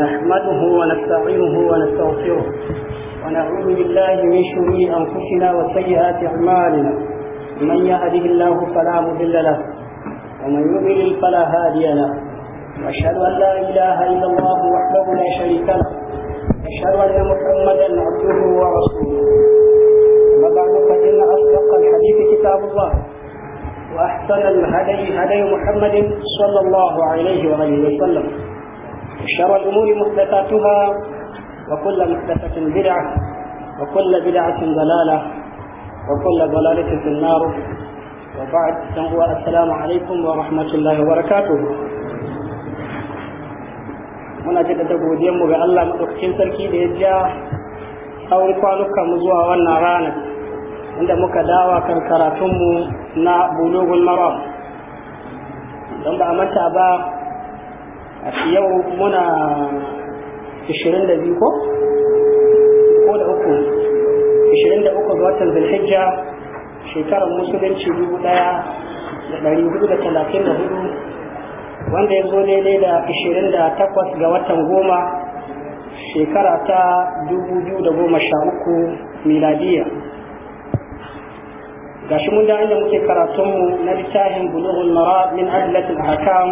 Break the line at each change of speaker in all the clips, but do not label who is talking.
نحمده ونستعينه ونستغفره ونعوذ بالله من شرور أنفسنا وسيئات أعمالنا من يهده الله فلا مضل له ومن يضلل فلا هادي له وأشهد أن لا إله إلا الله وحده لا شريك له أشهد أن محمدا عبده ورسوله وبعد فإن أصدق الحديث كتاب الله وأحسن الهدي هدي محمد صلى الله عليه وآله وسلم شر الأمور محدثاتها وكل محدثة بدعة وكل بدعة ضلالة وكل ضلالة في النار وبعد السلام عليكم ورحمة الله وبركاته muna jaddada godiyanmu ga Allah maɗaukacin sarki da ya ja tsawon kwanukan mu zuwa wannan rana inda muka dawa kan karatunmu na bulugun maram don ba a manta ba yau muna 22 ko ko da uku 23 ga watan zulhijja shekarar musulunci hudu, wanda ya zo daidai da 28 ga watan goma shekara ta dubu biyu da goma sha uku miladiya shi mun da inda muke karatunmu na littafin bulughul marad min adillatil ahkam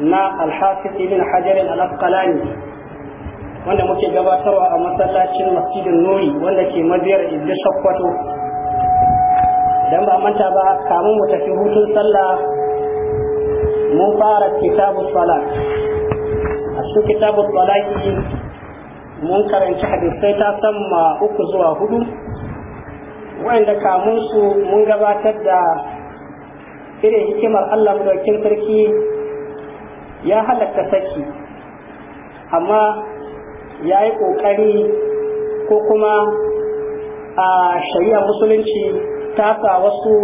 na alhafiz ibn hajar al-asqalani wanda muke gabatarwa a masallacin masjidin nuri wanda ke madiyar Ibn shakwato dan ba manta ba kamun mu tafi hutun sallah mun fara kitabus salat a cikin kitabu salati mun karanci hadisai ta samma uku zuwa hudu wanda kamun su mun gabatar da irin hikimar Allah daukin sarki ya halatta saki amma ya yi ƙoƙari ko kuma a shari'a musulunci ta sa wasu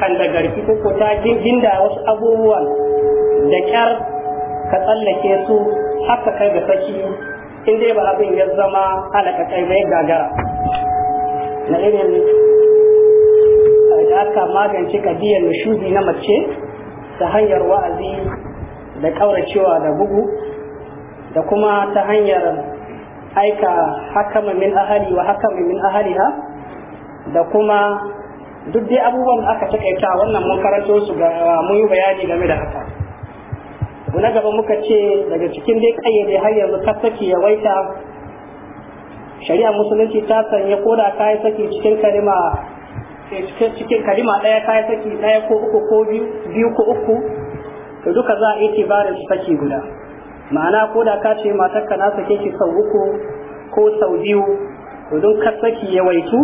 kandagarki ko ko ta ginda wasu abubuwan da kyar ka tsallake su haka kai ga saki in dai ba abin ya zama kai mai gagara na irin eh, da aka magance kadiyar nishubi na mace ta hanyar wa'azi da ƙauracewa da bugu da kuma ta hanyar aika hakama min ahali wa hakama min ahaliha da kuma duk dai abubuwan da aka takaita wannan mun karanto su ga mun yi bayani game da haka na gaba muka ce daga cikin dai kayyade har yanzu ka saki ya waita shari'a musulunci ta sanya ko da ka yi saki cikin kalima eh, cikin kalima ɗaya ka yi saki ɗaya ko uku ko biyu ko uku to duka za a yi bada shi saki guda ma'ana ko da ka ce ka na sake ki sau uku ko sau biyu to don ka saki yawaitu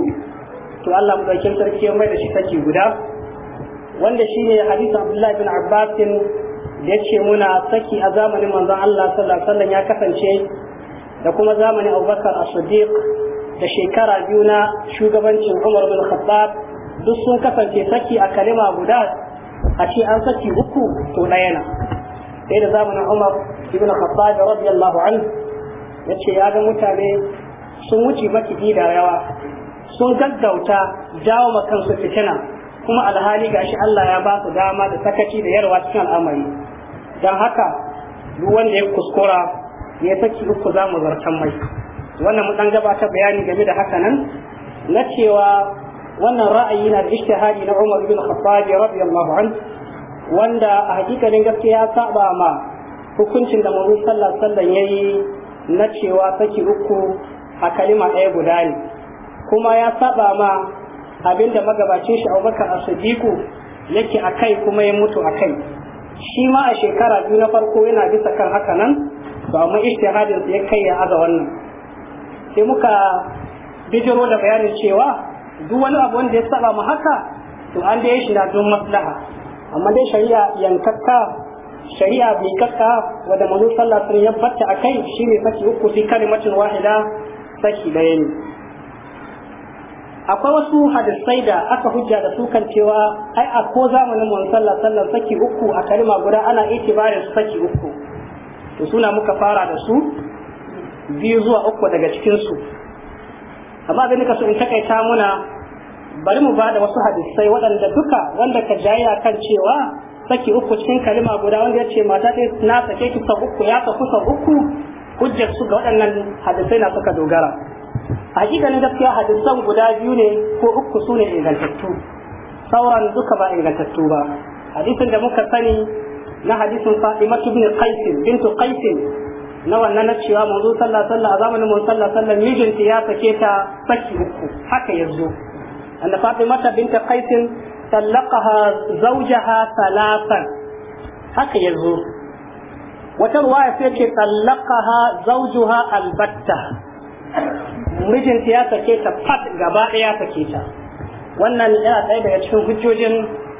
to Allah mu dauke sarki ya mai da shi saki guda wanda shine hadisin Abdullah bin Abbas da yace muna saki a zamanin manzon Allah sallallahu alaihi wasallam ya kasance da kuma zamanin Abu Bakar As-Siddiq da shekara biyu na shugabancin Umar bin Khattab duk sun kasance saki a kalima guda a ce an saki uku to na yana sai da zamanin Umar ibn Khattab radiyallahu anhu yace ya ga mutane sun wuce maki da yawa sun gaggauta dawo ma kansu fitina kuma alhali ga shi Allah ya ba su dama da sakaci da yarwa cikin al'amari Don haka duk wanda ya kuskura ya saki uku za mu zartan mai wannan mu ɗan gabata bayani game da haka nan na cewa wannan ra'ayi na da ishtihadi na Umar bin Khattab radiyallahu anhu wanda a hakikalin gaskiya ya saba ma hukuncin da manzo sallallahu alaihi wasallam yayi na cewa saki uku a kalima ɗaya guda ne kuma ya saba ma abinda magabacin shi Abubakar As-Siddiq yake akai kuma ya mutu akai shi ma a shekara biyu na farko yana bisa kan haka nan ba mu ishtihadin ya kai ya aza wannan sai muka bijiro da bayanin cewa duk wani abu wanda ya saba mu haka to an dai shi na don maslaha amma dai shari'a yankakka shari'a bai kakka wanda manzo sallallahu alaihi wasallam ya fatta akai shine saki uku fi kalimatin wahida saki daya ne akwai wasu hadisai da aka hujja da su kan cewa ai a ko zamanin sallallahu alaihi wasallam saki uku a kalima guda ana itibarin su saki uku to suna muka fara da su biyu zuwa uku daga cikin su amma abin da ka so in takaita muna bari mu bada wasu hadisai waɗanda duka wanda ka jayya kan cewa saki uku cikin kalima guda wanda ya ce mata ɗaya na sake ki sau uku ya ka kusa uku hujjar su ga waɗannan hadisai na suka dogara hakikanin gaskiya hadisan guda biyu ne ko uku su ne ingantattu sauran duka ba ingantattu ba hadisin da muka sani na hadisin faɗi bin qais bintu qais na wannan na cewa manzo sallah sallah a zamanin manzo sallah sallah mijinta ya sake ta saki uku haka yanzu anna fatimata binta qais talaqaha zawjaha salasan haka yanzu wata ruwaya sai ce talaqaha zawjuha albatta mijinta ya sake ta fat gaba daya sake ta wannan yana ɗaya daga cikin hujjojin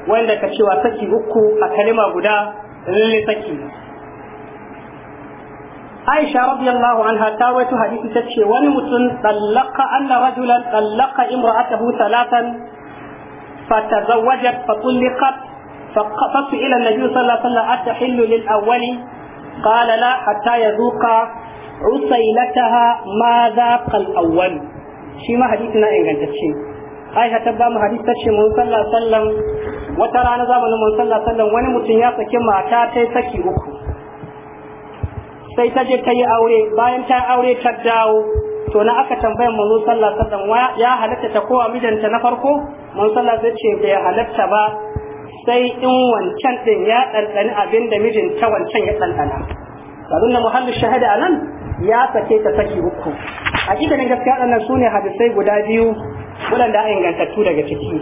wanda ka cewa saki uku a kalima guda lalle saki aisha radiyallahu anha ta wato hadisi ta ce wani mutum tsallaka anna rajulan tsallaka imra'atahu talatan fatazawwajat fatulliqat faqafatu ila nabi sallallahu alaihi wasallam atahillu lil awwali qala la hatta yazuqa usailataha ma zaqa al awwal shi ma hadisi na ingantacce aisha ta ba mu hadisi ta ce mun sallallahu alaihi wasallam wata rana zamanin mun sallallahu alaihi wasallam wani mutum ya saki mata ta saki uku sai ta je ta yi aure bayan ta aure ta dawo to na aka tambayar manzo sallallahu alaihi wasallam ya halatta ta kowa mijinta na farko manzo sallallahu alaihi ce bai halatta ba sai in wancan din ya ɗanɗani abin da mijinta wancan ya ɗanɗana abin da muhallin shahada a ya sake ta saki uku hakikanin gaskiya ɗannan su ne hadisai guda biyu wadanda a ingantattu daga ciki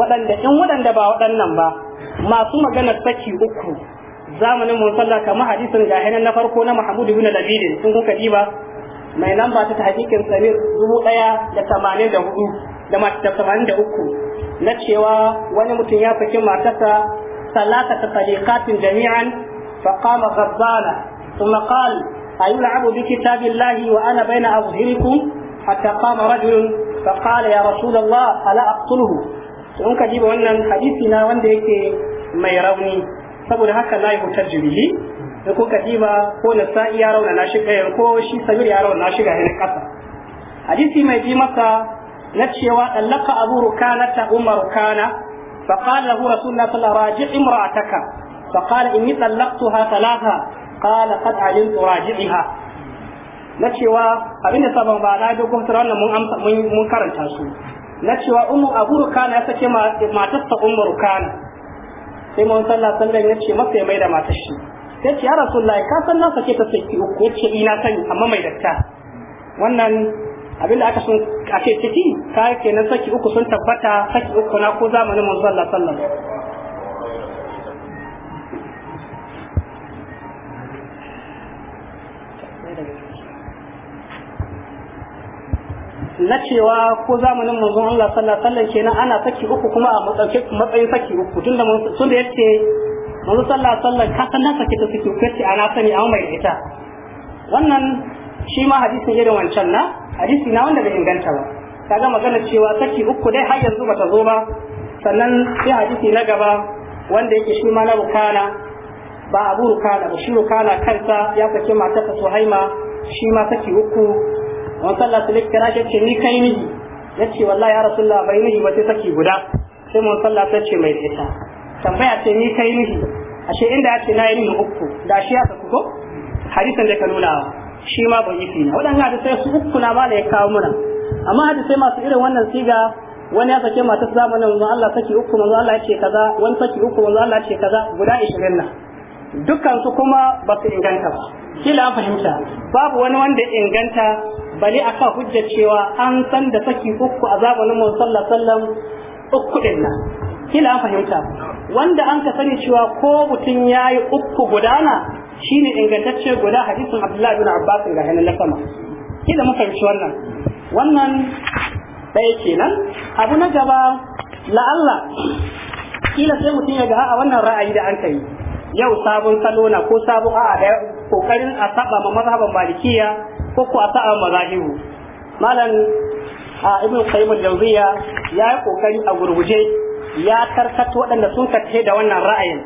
waɗanda in waɗanda ba waɗannan ba masu magana saki uku zamanin Mursala sallah kamar hadisin ga na farko na Mahmud ibn Labidin sun kuka diba mai lamba ta hakikin Samir dubu ɗaya da tamanin da hudu da mata tamanin da uku na cewa wani mutum ya saki matarsa salata ta talikatin jami'an فقام غضبانا ثم قال أيلعب بكتاب الله وأنا بين أظهركم حتى قام رجل فقال يا رسول الله ألا أقتله sun ka jiba wannan hadisi na wanda yake mai rauni saboda haka na yi yuhtajju bihi da ko kadiba ko na sa'i ya rauna na shiga kai eh, ko shi sabir ya rauna shi ga hin kasa hadisi mai bi maka na cewa dallaka abu rukana ta umar kana fa qala lahu rasulullah sallallahu alaihi wasallam raji' imra'ataka fa qala inni dallaqtuha thalatha qala qad alimtu raji'iha na cewa abinda sabon ba na dogon wannan mun amsa mun karanta su na cewa ummu abu rukana ya sake matarsa Umar Kana. sai mun sallah san ya yace masa ya mai da matar shi sai ce ya rasulullahi ka san na sake ta sai uku yace ina sani amma mai datta wannan abinda aka sun kace ce ciki ka kenan saki uku sun tabbata saki uku na ko zamanin mun sallah sallallahu alaihi wasallam na cewa ko zamanin manzon Allah sallallahu alaihi wasallam kenan ana saki uku kuma a matsayin matsayin saki uku tunda mun tunda yace manzon sallallahu alaihi wasallam ka san na saki ta saki uku yace ana sani an mai ita wannan shi ma hadisin irin wancan na hadisi na wanda bai inganta ba kaga magana cewa saki uku dai har yanzu bata zo ba sannan sai hadisi na gaba wanda yake shi ma na rukana ba abu rukana ba shi rukana kansa ya saki matarsa haima shi ma saki uku wani sallah su kira shi ce ni kai ni ya ce wallahi ya rasulullah bai miji ba sai saki guda sai mun sallah ta ce mai ita tambaya ce ni kai ni ashe inda ya ce na yi uku da shi ya saku ko hadisan da ka nuna shi ma ban yi na hadisi sai su uku na ma da ya kawo mana amma hadisai masu irin wannan siga wani ya sake mata zamanin manzo Allah saki uku manzo Allah ya ce kaza wani saki uku manzo Allah ya ce kaza guda 20 na dukkan su kuma ba su inganta ba kila an fahimta babu wani wanda inganta bali aka hujjar cewa an san da saki uku a zamanin mu sallallahu sallam uku din nan kila an fahimta wanda an ka sani cewa ko mutum yayi uku gudana shine ingantacce guda hadisin Abdullahi bin Abbas ga hanan lafama sama kila mu fahimci wannan wannan ɗaya kenan abu na gaba la'alla kila sai mutum ya ga a wannan ra'ayi da an kai yau sabon salona ko sabon a'a da kokarin a saba ma mazhaban malikiya ko ko a sa'a malan malam a ibn qayyim al-jawziya ya yi kokari a gurguje ya karkato waɗanda sun kace da wannan ra'ayin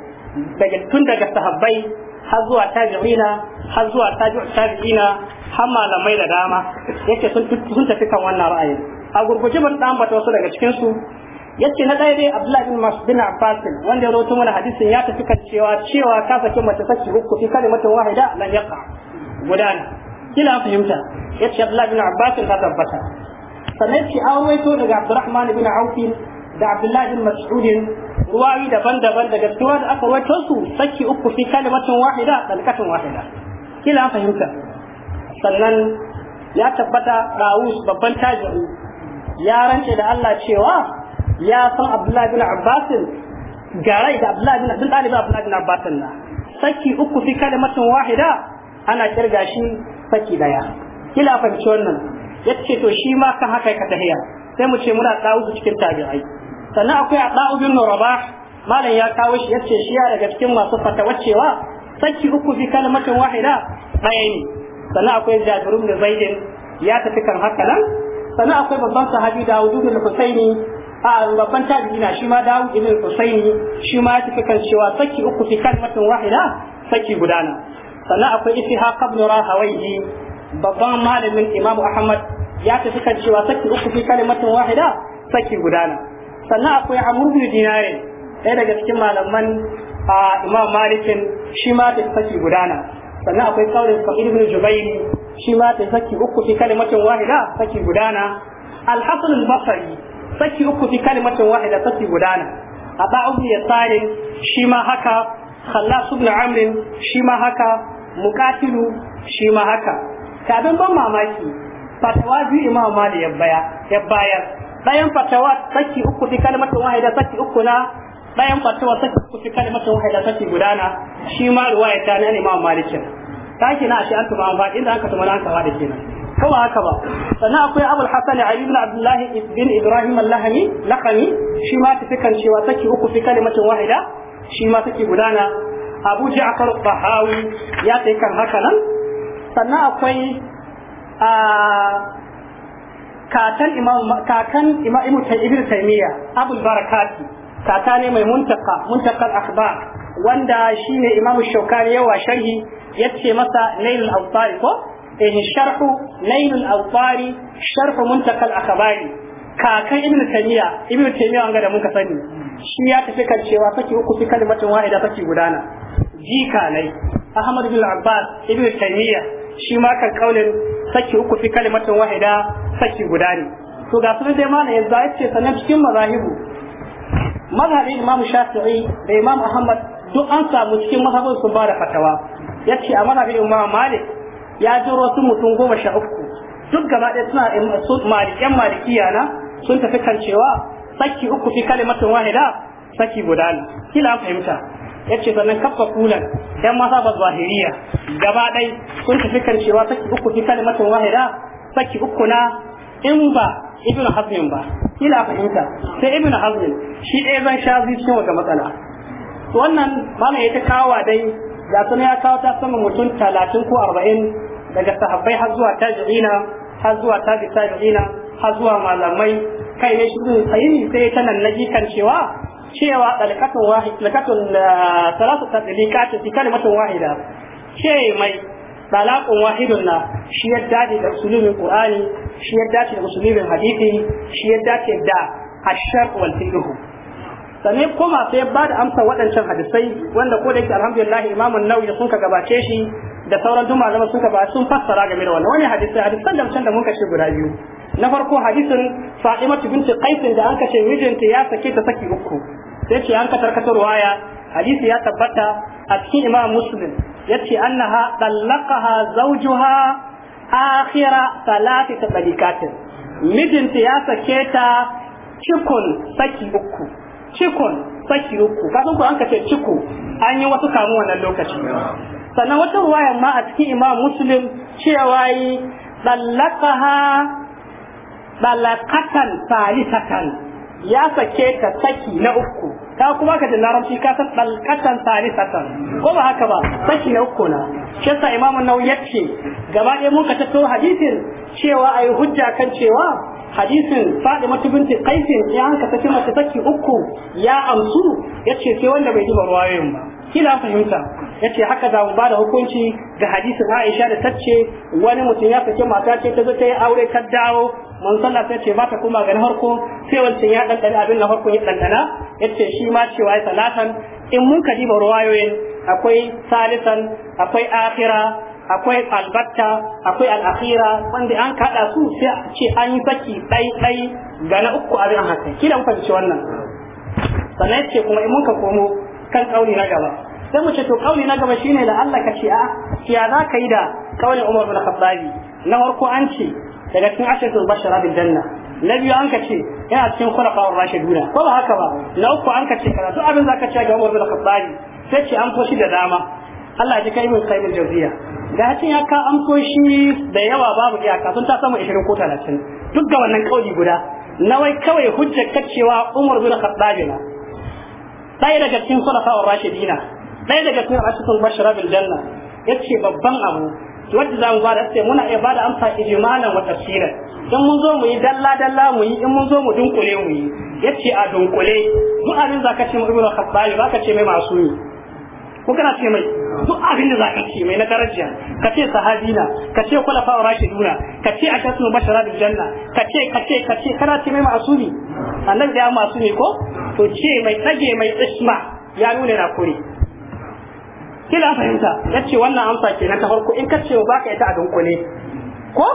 daga tun daga sahabbai har zuwa tabi'ina har zuwa tabi'u tabi'ina har malamai da dama yake sun sun tafi kan wannan ra'ayin a gurguje ban dan bata wasu daga cikin su yace na dai dai Abdullahi bin mas bin Abbas wanda ya rawaito mana hadisin ya tafi kan cewa cewa ka saki mace sakki hukku fi kalimatin wahida lan yaqa gudana kila fahimta yace Abdullahi bin Abbas ka tabbata sannan shi an waito daga Abdurrahman bin Auf da Abdullahi bin Mas'ud ruwayi daban-daban daga tuwa da aka waito su saki uku fi kalimatin wahida dalkatun wahida kila fahimta sannan ya tabbata Rawus babban tajiri ya rance da Allah cewa ya san Abdullahi bin Abbas garai da Abdullahi bin Abdullahi bin Abbas na saki uku fi kalimatin wahida ana kirga shi saki daya kila fahimci wannan ya ce to shi ma kan haka ka tahiya sai mu ce muna ɗa'udu cikin tabi'ai sannan akwai a ɗa'udun rabah malam ya kawo shi ya ce shi ya daga cikin masu fatawacewa saki uku fi kalmatin wahida ɗaya ne sannan akwai jabir ibn zaidin ya tafi kan haka nan sannan akwai babban sahabi dawud ibn husaini a babban tabi'ina shi ma dawud ibn husaini shi ma ya tafi kan cewa saki uku fi kalmatin wahida saki gudana sannan akwai isi ishihaq ibn rahawayhi babban malamin imam ahmad ya tafi kan cewa saki uku fi kalimatin wahida saki gudana sannan akwai amr ibn dinari ɗaya daga cikin malaman imam malikin shi ma da saki gudana sannan akwai kaurin sa'id ibn jubairi shi ma da saki uku fi kalimatin wahida saki gudana alhasan hasan saki uku fi kalimatin wahida saki gudana a Aba ya tsare shi ma haka Khallas ibn Amr shi ma haka mukatilu shi ma haka kafin ban mamaki fatawa biyu imam mali ya bayar bayan fatawa saki uku fi kalmatu wahida saki uku na bayan fatawa saki uku fi kalmatu wahida saki gudana shi ma ruwaya ta ne imam malikin taki na shi an tuma an inda aka tuma an kawa da kenan ba haka ba sannan akwai abul hasan ali ibn abdullah ibn ibrahim al-lahmi lakami shi ma tafikan cewa saki uku fi kalmatu wahida shi ma saki gudana abu ja'far bahawi ya yi kan haka nan sannan akwai a kakan imam kakan imam ibnu tayyib taymiya abul barakati kaka ne mai muntaka al akhbar wanda shine imam shaukani yawa sharhi yace masa nailul awtari ko eh sharhu nailul awtari sharhu muntakal akhbari kakan ibn taymiya ibn taymiya wanga da muka sani shi ya tafi kan cewa saki uku fi kalmatin wahida saki gudana jika nai Ahmad bin Abbas ibn Taymiya shi ma kan kaulin saki uku fi kalimatin wahida saki guda ne to ga sunan dai mana yanzu ya ce sanan cikin mazahibu mazhabin Imam Shafi'i da Imam Ahmad duk an samu cikin mazhabin sun ba da fatawa yace a mazhabin Imam Malik ya jiro su mutum goma sha uku duk gaba ɗaya suna malikan malikiya na sun tafi kan cewa saki uku fi kalimatin wahida saki guda ne kila an fahimta yace sannan kafa kulan yan masa ba zahiriya gaba dai kun tafi kan cewa saki uku fi kalmatin wahida saki uku na in ba Ibn hazmin ba kila fahimta sai Ibn hazmin shi ɗaya zan sha zai cikin wata matsala wannan mana ya ta kawo dai ga sunan ya kawo ta sama mutum talatin ko arba'in daga sahabbai har zuwa tabi'ina har zuwa tabi'ina har zuwa malamai kai ne shi sai ta nan naji kan cewa cewa dalikatun wahid dalikatun eh, salatu tsalikatin fi kalimatin wahida ce mai dalakun wahidun na shi ya dace da usulumin qur'ani shi ya dace da usulumin hadisi shi ya dace da ashar wal fiqh sannan kuma sai ba da amsa waɗancan hadisai wanda ko da yake alhamdulillah imamun nawawi sun ka gabace shi da sauran duk malaman suka ba sun fassara game da wannan wani hadisi hadisan da mutan da mun kace guda biyu na farko hadisin Fatima binti Qais da an kace mijinta ya sake ta saki uku sai ce an ka tarkatar waya hadisi ya tabbata a cikin imam muslim yace annaha zauju ha akhira salati tadlikatin mijinta ya sake ta cikon saki uku cikon saki uku kasan ku an ka ce ciku an yi wasu kamu wannan lokaci sannan wata ruwaya ma a cikin imam muslim cewa yi ha ɗalakatan salisatan ya sake ka saki na uku ka kuma ka da larabci ka san dalkatan satan ko ba haka ba saki na uku na shi sa imamu ya yace gaba ɗaya mun ka tattaro hadisin cewa ayi hujja kan cewa hadisin Fadima binti Qais ya hanka saki mata saki uku ya amsu yace sai wanda bai zuba barwayoyin ba kila fahimta yace haka za mu bada hukunci ga hadisin Aisha da tace wani mutum ya saki mata ce ta zo ta yi aure ta dawo mun sallah sai ce ba kuma ga na sai wancan ya ɗanɗana abin na farko ya ɗanɗana yace shi ma cewa ya salatan in mun ka diba ruwayoyin akwai salisan akwai akhira akwai albatta akwai al'akhira wanda an kada su sai a ce an yi saki ɗai ɗai ga na uku abin an haka kila muka ce wannan sannan ce kuma in mun ka komo kan ƙauni na gaba sai mu ce to ƙauni na gaba shine da Allah ka ce a ya za ka yi da ƙaunin Umar bin Khattabi na farko an ce daga cikin ashirin bashara bil janna na biyu an kace yana cikin khulafa wa rashiduna ko ba haka ba na uku an kace karatu abin zaka ce ga Umar bin Khattab sai ce an foshi da dama Allah ya kai min qaimul jawziya da hacin ya ka an foshi da yawa babu iyaka sun ta samu 20 ko 30 duk ga wannan kauli guda nawai kawai hujjar kacewa Umar bin Khattab na ɗaya daga cikin khulafa wa rashidina ɗaya daga cikin ashirin bashara bil janna yace babban abu wanda za mu ba da sai muna iya ba da amsa ijmalan wa tafsiran dan mun zo mu yi dalla dalla mu yi in mun zo mu dunkule mu yi yace a dunkule duk abin ka ce mu ibnu khattabi ka ce mai masumi ko kana ce mai duk abin da ka ce mai na daraja ka ce sahabina ka ce khulafa rashiduna ka ce a ashatu bashara da janna ka ce ka ce ka ce kana ce mai masumi annabi da masumi ko to ce mai tsage mai isma ya nuna na kore kila fahimta yace wannan amsa kenan ta farko in kace ba ka ita a dunkule ko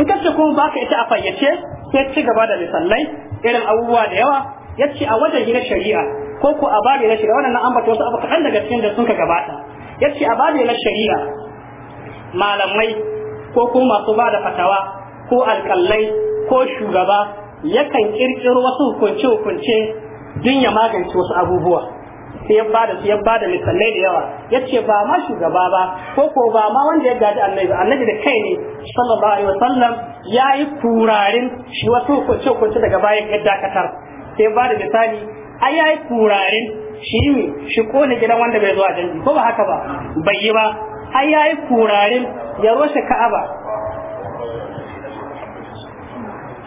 in kace kuma ba ka ita a fayyace sai ci gaba da misalai irin abubuwa da yawa yace a wajen gina shari'a ko ko a babi na shari'a wannan ambata wasu abu kaɗan daga cikin da suka gabata yace a babi na shari'a malamai ko ko masu ba da fatawa ko alƙallai ko shugaba yakan kirkiro wasu hukunce-hukunce don ya magance wasu abubuwa sai ya bada sai ya bada misalai da yawa yace ba ma shugaba ba ko ko ba ma wanda ya gadi annabi annabi da kai ne sallallahu alaihi wasallam yayi kurarin shi wato ko ce ko ce daga bayan ya dakatar sai bada misali ai yayi kurarin shi shi ko ne gidan wanda bai zuwa dangi ko ba haka ba bai yi ba ai yayi kurarin ya roshe ka'aba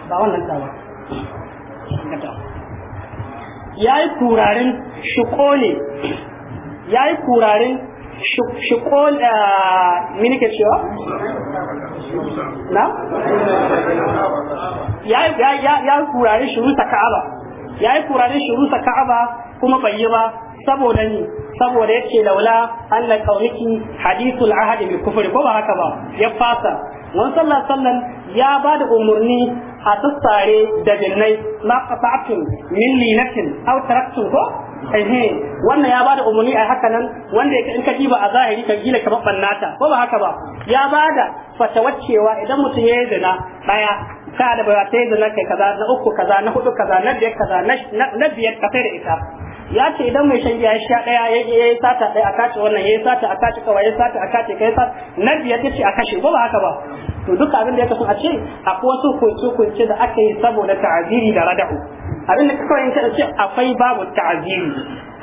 ba wannan ta
ba
Ya yi kurarin shiko ne yayi kurarin shiko eh, me nake
cewa na
yayi yayi yayi kurarin shurusa ka'aba yayi kurarin shurusa ka'aba kuma bai yi ba saboda ni saboda yake laula anna kauniki hadithul ahadi bil kufri ko ba haka ba ya fasa wan sallallahu sallan ya bada umurni a tsare da jinnai ma qata'tum min linatin aw taraktum ko ehe wannan ya bada umurni a haka nan wanda yake in ka diba a zahiri ka gina kamar bannata ko ba haka ba ya bada fatawaccewa idan mutum ya yi zina daya ka da ba ta yi zina kai kaza na uku kaza na hudu kaza na biyar kaza na biyar ka da ita ya ce idan mai shan giya ya sha ya yi sata ɗaya a kace wannan ya yi sata a kace kawai ya yi sata a kace kai sata na biyar ta ce a kashe ba haka ba to duka abin da ya kasu a ce akwai wasu kunce-kunce da aka yi saboda ta'aziri da rada'u abin da kawai in ce akwai babu ta'aziri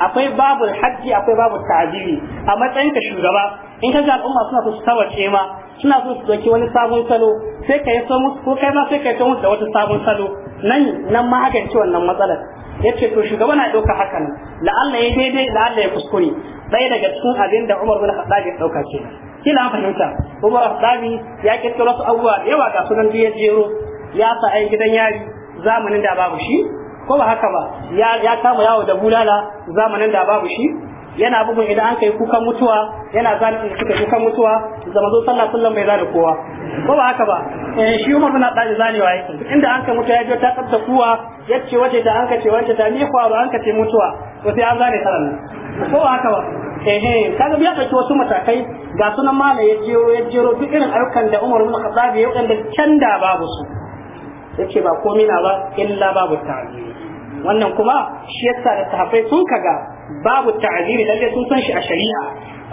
akwai babu hajji akwai babu ta'aziri a matsayin ka shugaba in ka ga al'umma suna so su tawace ma suna so su doki wani sabon salo sai ka yi so musu ko kai ma sai ka yi so musu da wata sabon salo nan nan ma magance wannan matsalar yace to shugaba na dauka hakan la'alla ya daidai la'alla ya kuskure ɗaya daga cikin abin da Umar bin Khattab ya dauka ce kila fahimta Umar Khattab ya kirkiro wasu abubuwa da yawa ga sunan biyar jero ya sa ai gidan yari zamanin da babu shi ko ba haka ba ya kama yawo da bulala zamanin da babu shi yana bugun idan an kai kukan mutuwa yana zalimin da suka kukan mutuwa zama zo sallah sallan bai zane kowa ko ba haka ba eh shi Umar bin zani wa yake inda an kai mutuwa ya je ta tsabta kuwa yace wace ta an ka ce wace ta ni kwa ba an ka ce mutuwa to sai an zane sallan ko ba haka ba eh eh kaga biya dauki wasu matakai ga sunan mala ya jero ya jero duk irin ayyukan da Umar bin Khattab ya yi da canda babu su Yake ba komai na ba illa babu ta'zimi wannan kuma shi yasa da sahabbai sun kaga babu ta'ziri lalle sun san shi a shari'a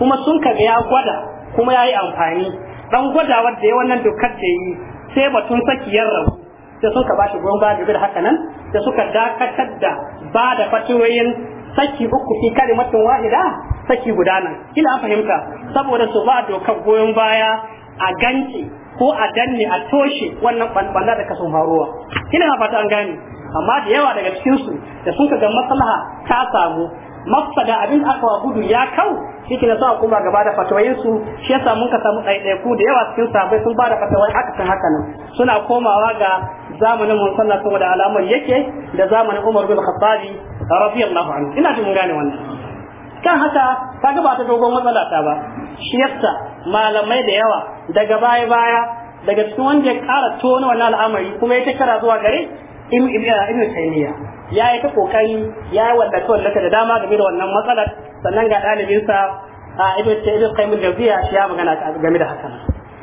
kuma sun kaga ya gwada kuma yayi amfani dan gwada wanda ya wannan dokar da yi sai batun sakiyar rabu sai suka ba shi goyon da haka nan sai suka dakatar da ba da fatuwayin saki uku fi kalimatin wahida saki guda nan kila fahimta saboda su ba dokar goyon baya a ganci ko a danne a toshe wannan banbanda da kaso faruwa kila fata an gane amma da yawa daga cikin su da sun ga maslaha ta samu mafsada abin da aka gudu ya kau shi na sa kuma gaba da fatawayin su shi yasa mun ka samu ku da yawa cikin sabai sun bada fatawai aka san haka nan suna komawa ga zamanin mun sallah saboda alamar yake da zamanin Umar bin Khattab radiyallahu anhu ina jin gane wannan kan haka ga ba ta dogon matsala ta ba shi yasa malamai da yawa daga baya baya daga cikin wanda ya kara tona wannan al'amari kuma ya kara zuwa gare ibn ibn taymiya ya yi ta kokari ya yi wadda ta da dama game da wannan matsalar sannan ga ɗalibinsa a ibn ibn qayyim jaziya shi ya magana game da hakan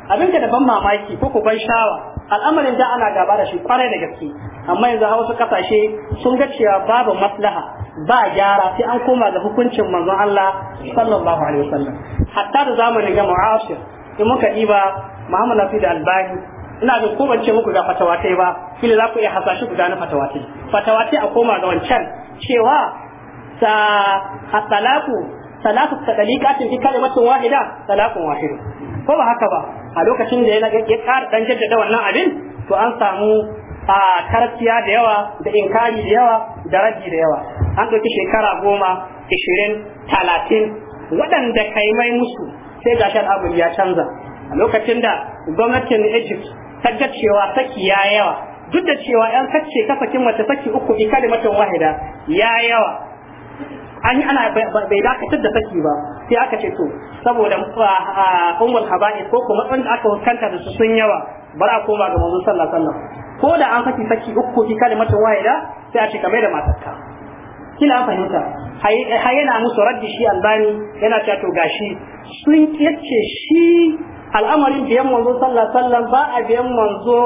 abin da ban mamaki ko ban shawa al'amarin da ana gaba da shi kwarai da gaske amma yanzu a wasu kasashe sun ga cewa babu maslaha ba gyara sai an koma ga hukuncin manzon Allah sallallahu alaihi wasallam hatta da zamanin ga mu'asir in muka diba Muhammad Nafi da Albani ina ga ko ban ce muku ga fatawatai ba kila za ku iya hasashi ku gane fatawa tai a koma ga wancan cewa ta asalaku salatu tadalikatin fi kalimatin wahida salakun wahidu ko ba haka ba a lokacin da ya ƙara dan jaddada wannan abin to an samu a karfiya da yawa da inkari da yawa da raji da yawa an ɗauki shekara goma ishirin talatin waɗanda kai mai musu sai gashar shan ya canza a lokacin da gwamnatin egypt ta ga cewa saki ya yawa duk da cewa ɗan sace ka sakin saki uku bi kalimatan wahida ya yawa an ana bai dakatar da saki ba sai aka ce to saboda ah, ah, umul habai ko kuma da aka hukanta da su sun yawa bar a koma ga manzon sallallahu alaihi wasallam ko da an saki saki uku bi kalimatan wahida sai a ce kamar da matarka kina fahimta har yana musu raddi shi albani yana cewa to gashi sun yace shi al'amarin biyan manzo sallallahu alaihi ba a biyan manzo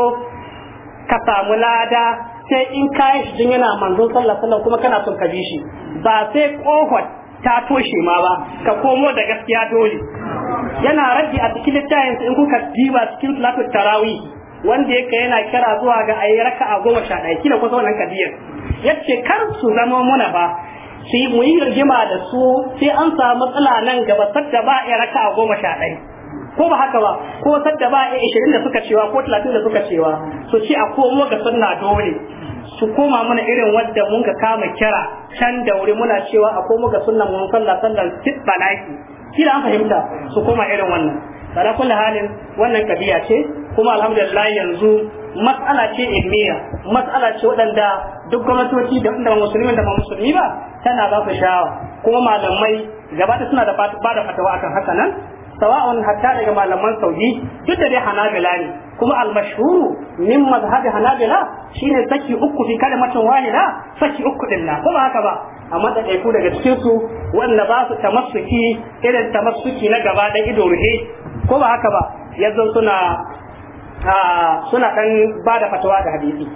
ka samu lada sai in kayan shi jin yana manzo sallallahu alaihi kuma kana son ka bi shi ba sai kofar ta toshe ma ba ka komo da gaskiya dole yana rabbi a cikin littafin in kuka diba cikin salatul tarawi wanda yake yana kira zuwa ga ayi a goma sha ɗaya kina kusa wannan kadiyar yace kar su zama muna ba sai mu yi rigima da su sai an samu matsala nan gaba sadda ba a raka'a goma sha ɗaya ko ba haka ba ko san da ba a 20 da suka cewa ko 30 da suka cewa so ce a komo ga sunna dole su koma mana irin wanda mun ga kama kira can da wuri muna cewa a komo ga sunnan mun sallah sallan sit balaki kila an fahimta su koma irin wannan kada kullu halin wannan kabiya ce kuma alhamdulillah yanzu mas'ala ce ilmiya mas'ala ce waɗanda duk gwamnatoci da inda musulmi da ba musulmi ba tana ba su shawa kuma malamai gabata suna da ba da fatawa akan haka nan sawa'un hatta daga malaman saudi duk da dai hanabila ne kuma al-mashhuru min mazhabi hanabila shine saki uku fi kalmatin wahida saki uku din na kuma haka ba amma da ku daga cikin su wanda ba su tamassuki irin tamassuki na gaba da ido ruhe ko ba haka ba yanzu suna suna kan ba da fatawa da hadisi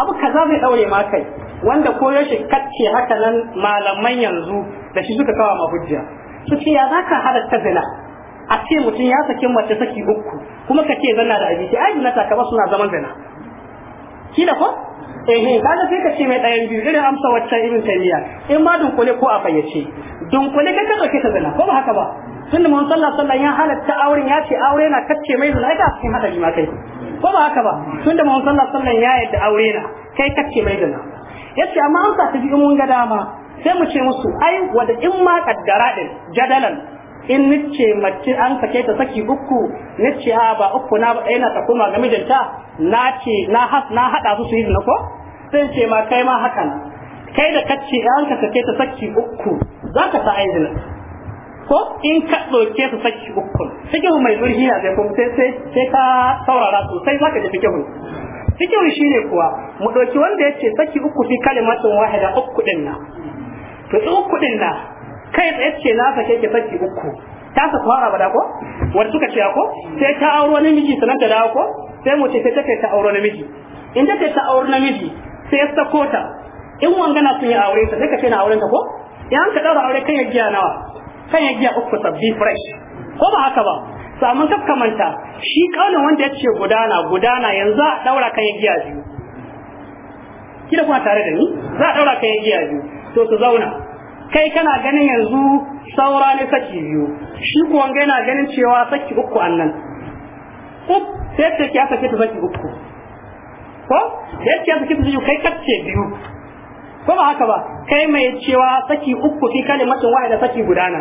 abu kaza zai daure ma kai wanda koyo shi kacce haka nan malaman yanzu da shi suka kawo ma hujja su ce ya zaka halatta zina a ce mutum ya sakin mace saki uku kuma ka ce zanna da abinci ai na takaba suna zaman zana da ko eh kaga sai ka ce mai ɗayan biyu irin amsa wacce irin taymiya in ma dunkule ko a fayyace dunkule kai ka dauke ta zana ko ba haka ba tunda mun sallah sallan ya halatta auren ya ce aure na kacce mai zana ita cikin hadari ma kai ko ba haka ba tunda mun sallah sallan ya yadda aure na kai kacce mai zana yace amma sa ta bi mun ga dama sai mu ce musu ai wanda in ma kaddara din jadalan in nace mace an sake ta saki uku nace a ba uku na ɗaya na takuma ga mijinta na ce na haɗa su su yi na ko sai ce ma kai ma haka kai da kacce an ka sake ta saki uku za ka ta ai ko in ka ɗauke su saki uku fikihu mai zurfi na sai kuma sai sai ka saurara sosai za ka ji fikihu fikihu shine kuwa mu ɗauki wanda ya ce saki uku fi kalimatin wahida uku ɗin na to uku ɗin na kai tsaye ce na sake ke saki uku ta ta fara ba da ko wanda suka ce ko sai ta auro namiji sanan ta dawo ko sai mu ce sai take ta auro namiji in take ta auro namiji sai ya kota ta in wangana sun yi aure ta sai ka na auren ta ko ya an ka daura aure kan ya giya nawa kan ya giya uku bi fresh ko ba haka ba samun kakkamanta shi kaunin wanda ya ce gudana gudana yanzu a daura kan ya giya biyu kila kuma tare da ni za a daura kan ya giya biyu to su zauna kai kana ganin yanzu saura ne saki biyu shi kuwan ga yana ganin cewa saki uku annan uk sai ce ki aka ta saki uku ko sai ce aka ta saki kai kace biyu ko ba haka ba kai mai cewa saki uku fi kalimatin da saki gudana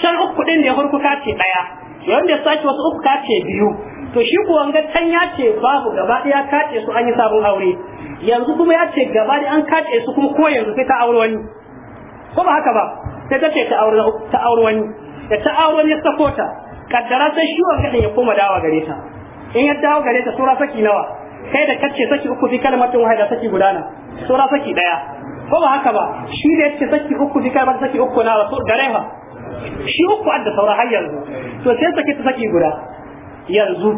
can uku din da ya hurku kace daya wanda ya saki wasu uku kace biyu to shi kuwa ga can ya ce babu gaba ka kace su an yi sabon aure yanzu kuma ya ce gaba an kace su kuma ko yanzu sai ta aure wani ko ba haka ba sai ta ce ta aure wani da ta aure ya sako ta kaddara sai shi wanga ya koma dawa gare ta in ya dawo gare ta sura saki nawa kai da kace saki uku fi kalmatin wahida saki gudana sura saki daya ko ba haka ba shi da yake saki uku fi kalmar saki uku na rasul gareha shi uku adda saura har yanzu to sai saki ta saki guda yanzu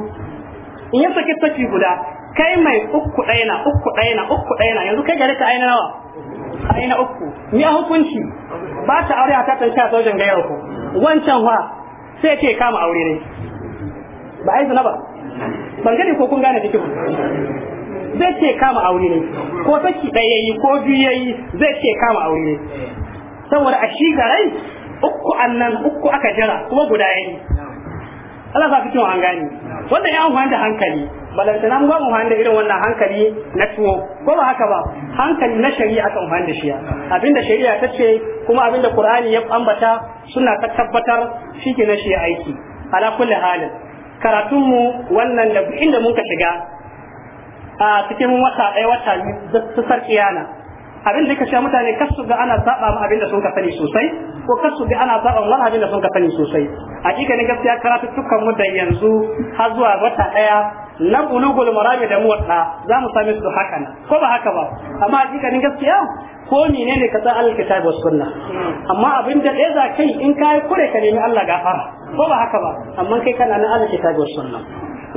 in ya saki saki guda kai mai uku ɗaya na uku ɗaya na uku ɗaya na yanzu kai gare ta aina nawa ra'ayi na uku ni hukunci ba ta aure haka ta sojan gayar ku wancan wa sai ce kama aure ne ba ai zina ba ban gani ko kun gane cikin zai ce kama aure ne ko saki ɗaya yi ko biyu yayi zai ce kama aure ne saboda a shi garai uku annan uku aka jira kuma guda yayi Allah sa cikin an gane wanda ya amfani da hankali balantana mu ba mu da irin wannan hankali na tuwo ko ba haka ba hankali na shari'a ta amfani da shi abinda shari'a ta ce kuma abinda Qur'ani ya ambata suna ta tabbatar shike na shi aiki ala kulli halin karatun mu wannan da inda mun shiga a cikin wata ɗaya wata biyu ta sarkiyana abin da sha mutane kasu ga ana saba ma abin da sun ka sani sosai ko kasu ga ana saba ma abin da sun ka sani sosai hakika ne gaskiya karatu tukan mu da yanzu har zuwa wata daya na bulugul marami da muwatta za mu same su haka na ko ba haka ba amma hakika ne gaskiya ko menene ne ka san alkitabi was sunna amma abin da dai za kai in kai kure ka nemi Allah gafara ko ba haka ba amma kai kana na alkitabi was sunna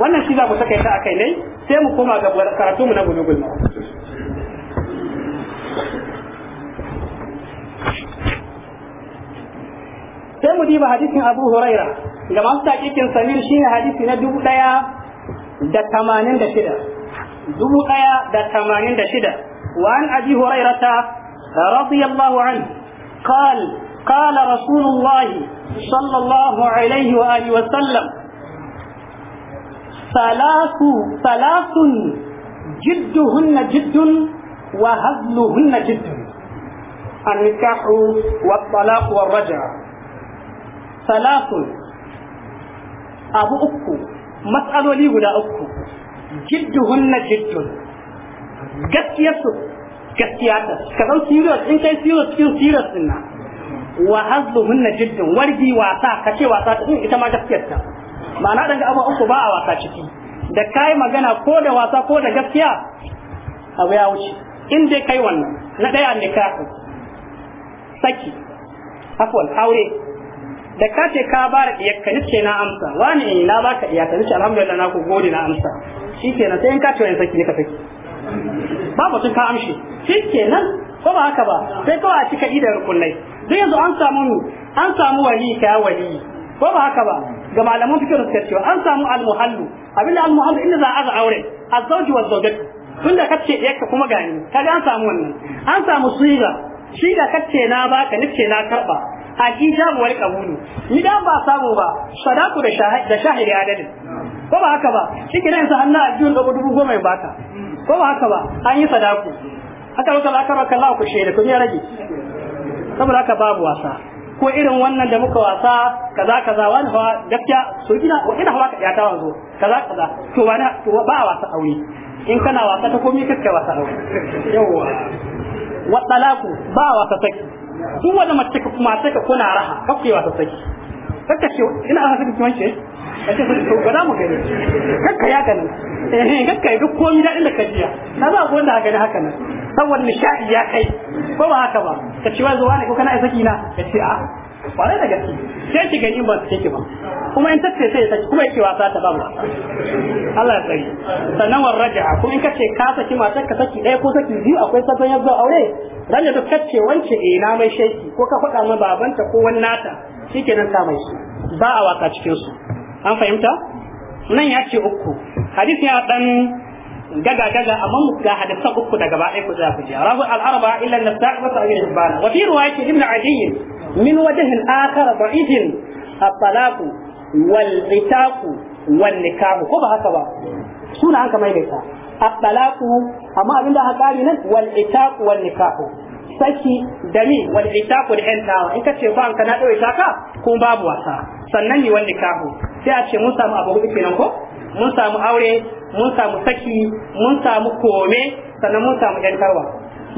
wannan shi za mu saka ta akai ne sai mu koma ga karatu mu na bulugul marami sai mu diba hadisin Abu Huraira ga masu takikin Samir shine hadisi na dubu ɗaya da tamanin da shida dubu ɗaya da tamanin da shida wa an Abi Huraira ta radiyallahu an qal qala Rasulullah sallallahu alaihi wa alihi wa sallam wa ثلاث جدهن جد وهزلهن جد النكاح والطلاق والرجعه salafun abu uku matsaloli guda uku jidduhunna jiddun gaskiyarsu gaskiya ta ka zan serious in kai serious cikin serious din na wa hazluhunna jiddun wargi wasa kace wasa ta ita ma gaskiyarta ta ma'ana dan abu uku ba a wasa ciki da kai magana ko da wasa ko da gaskiya abu ya wuce in dai kai wannan na daya an ka saki afwan aure da ka ce ka ba da ka na amsa wani na ba ka iyaka ce alhamdulillah na ku gode na amsa shi ke nan sai in ka ce wani saki ne ka saki ba tun ka amshi shi kenan ko ba haka ba sai kawai a cika da rukunai duk yanzu an samu an samu wali ka wali ko ba haka ba ga malaman fikir suka cewa an samu almuhallu abinda almuhallu inda za a ga aure azawji wa zawjatu tunda ce iyaka kuma gani kaga an samu wannan an samu suiga shi da kace na baka nace na karba al-ijabu wal qabulu ni da ba sabo ba sadaku da shahid da shahidi adadin ko ba haka ba shi kiran sa hannu aljihun da dubu goma ya baka ko ba haka ba an yi sadaku haka wata da aka Allah ku shaida kun ya rage saboda haka babu wasa ko irin wannan da muka wasa kaza kaza wani fa gaskiya so ko ina hawa ka tawa zo kaza kaza to wani to ba wasa aure in kana wasa ta komai kake wasa aure yawa wa talaku ba wasa saki Ku wanda mace ka kuma sai ka kuna raha ka kuwa ta saki kaka ce ina a hakan kiman ce kace sai ko da mu gani kaka ya gani eh kaka duk komai da inda ka jiya na za ku wanda ka gani haka nan saboda nishadi ya kai ko ba haka ba ka ce wai zuwa ne ko kana saki na ka ce a kwarai da gaske sai ki gani ba su take ba kuma in tace sai ta kuma yake wasa ta babu Allah ya tsari sannan war raja'a kuma in kace ka saki matar ka saki ɗaya ko saki biyu akwai sabon yanzu aure ranar da kace wance eh na mai sheki ko ka faɗa mai babanta ko wani nata shikenan ka mai shi ba a wasa cikin su an fahimta nan ya ce uku hadisi ya dan gaga gaga amma mu ga hadisan uku da gaba ɗaya ku za ku ji rahu al illa an-nasa'i wa sa'ir hibban wa fi riwayati ibn adiy min wajh akhar da'if at-talaq wal itaq wal nikah ko ba haka ba suna an kamar da ita at-talaq amma abinda aka kare nan wal itaq wal nikah saki da ni wal itaq da enta in ka ce ba an kana dauke ta ka ko babu wasa sannan ni wal nikah sai a ce mun samu abu hudu kenan ko mun samu aure mun samu saki mun samu kome sannan mun samu yantarwa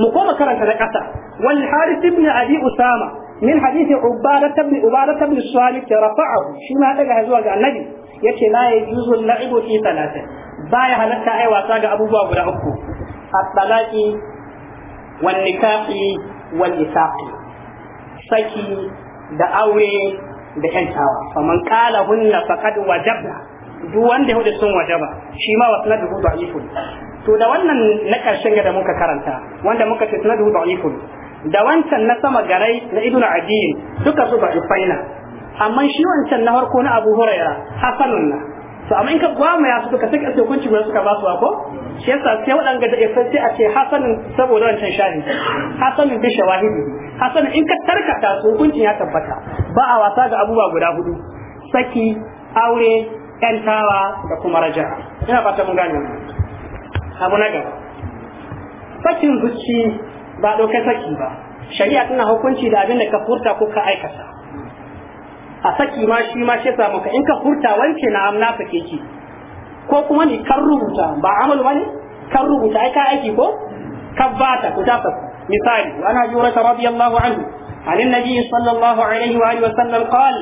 mu koma karanta na ƙasa wal harith ibn abi usama min hadisi ubada ibn ubada ibn ke rafa'ahu shi ma daga zuwa ga annabi yace la yajuzu al-la'ibu fi thalathin baya halatta ai wasa ga abubuwa guda uku at-talaqi wan nikahi wal isaqi saki da aure da yantawa faman qala hunna faqad wajabna duk wanda hudu sun wajaba shi ma wasu nadu da'ifun to da wannan na karshen ga da muka karanta wanda muka ce sanadu da'ifun da wancan na sama garai na idun adin duka su ifaina amma shi wancan na harko na abu huraira hasanun na to amma in ka gwama ya su duka sai ka hukunci guda suka ba su ko shi yasa sai wadanga da ifan sai a ce hasanun saboda wancan shahi hasanun bi shawahidi hasanun in ka tarkata su hukuncin ya tabbata ba a wasa ga abubuwa guda hudu saki aure kantawa da kuma raja'a ina fata mun gane abu na gaba sakin zuci ba ɗauke saki ba shari'a tana hukunci da abin da ka furta ko ka aikata a saki ma shi ma shi samu ka in ka furta wanke na amna sake ki ko kuma ni kan rubuta ba amalu bane kan rubuta ai ka aiki ko bata ku tafa misali wa ana jura radiyallahu anhu عن النبي صلى الله عليه وآله وسلم قال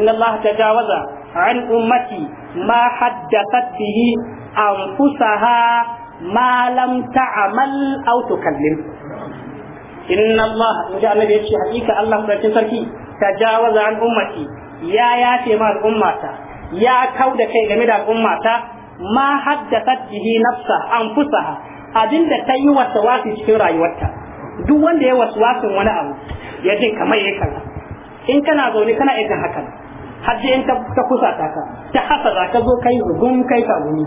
إن الله تجاوز عن أمتي ما حدثت به أنفسها ما لم تعمل أو تكلم إن الله جاء النبي يشي حقيقة الله مدرسين تركي تجاوز عن أمتي يا يا تيما الأمة يا كود كي جميل الأمة ما حدثت به نفسها أنفسها أجل da ta شكرا wasa wasu دي rayuwarta duk wanda كما wasu إن كان أظن كان إذن kamar har in ta kusa ta ka ta hasa za ka zo kai rugun kai ka wuni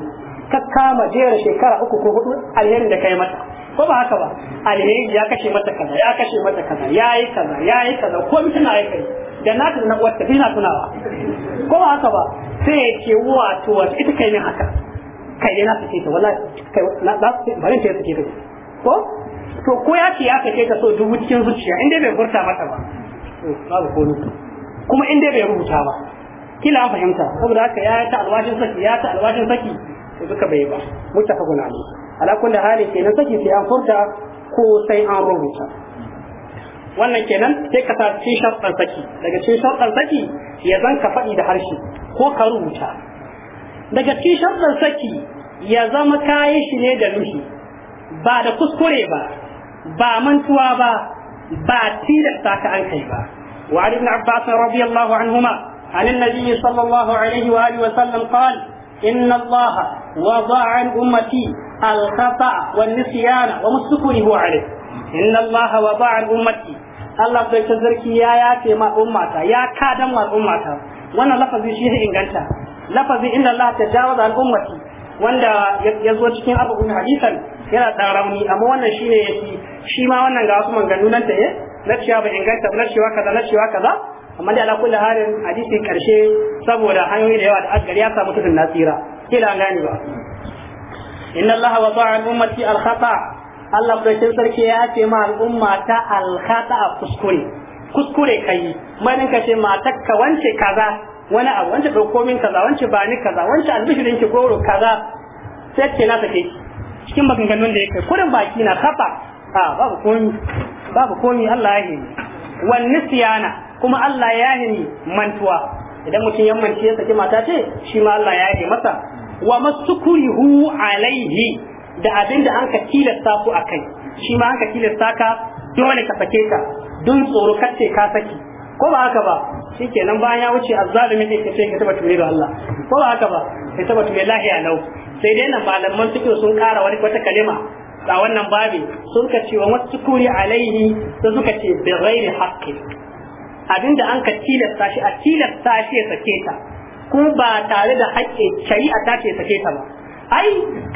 ka kama jera shekara uku ko hudu alherin da kai mata ko ba haka ba alheri ya kashe mata kaza ya kashe mata kaza ya yi kaza ya yi kaza ko tana yi kai da na tuna wata na tunawa ko ba haka ba sai ke wato wata ita kai ne haka kai ne na fice ta wallahi kai na na bari ta fice ta ko to ko ya ce ya ta so dubu cikin zuciya inda bai furta mata ba
babu komai
kuma in dai bai rubuta ba kila an fahimta saboda haka ya ta alwashin saki ya ta alwashin saki sai duka bai ba guna ne, ala kulli hali kenan saki sai an furta ko sai an rubuta wannan kenan sai ka sa cikin sharɗan saki daga cikin sharɗan saki ya zan ka faɗi da harshe ko ka rubuta daga cikin sharɗan saki ya zama kayi shi ne da nuhi ba da kuskure ba ba mantuwa ba ba tilasta ka an kai ba وعن ابن عباس رضي الله عنهما عن النبي صلى الله عليه وآله وسلم قال إن الله وضع عن أمتي الخطأ والنسيان ومستكره عليه إن الله وضع عن أمتي Allah bai ta zarki ya yafe ma ummata ya kadan ma ummata wannan lafazi shi ya inganta lafazi inda ta jawaza a ummati wanda ya zo cikin abubuwan hadisan yana dan rauni amma wannan shine yafi shi ma wannan ga wasu manganu nan ta eh na cewa bai inganta na cewa kaza na cewa kaza amma dai ala kulli halin hadisi karshe saboda hanyoyi da yawa da asgari ya samu tudun nasira kila gani ba inna allaha wa ta'a ummati al khata Allah bai sarki ya ce ma al'umma ta al khata kuskure kuskure kai mai ka ce matakka wance kaza wani abu wance dauko min kaza wance ba ni kaza wance albishirin ki goro kaza sai ce na sake cikin maganganun da yake kurin baki na kafa babu komi babu komi Allah ya hini wal nisyana kuma Allah ya hini mantuwa idan mutum ya mance ya saki mata ce shi ma Allah ya hini masa wa masukurihu alaihi da abin da an ka tilasta ku a kai shi ma an ka tilasta ka dole ka sake ka don tsoro kace ka saki ko ba haka ba shikenan bayan ya wuce azzalimi ne kace ka taba da Allah ko ba haka ba ka taba tuni lahiya lau sai dai nan malaman suke sun kara wani wata kalima a wannan babin sun ka ce wa matukuri alaihi sai suka ce bi ghairi haqqi abinda an ka tilasta shi a tilasta shi ya sake ta kuma ba tare da haƙƙi shari'a ta ce sake ta ba ai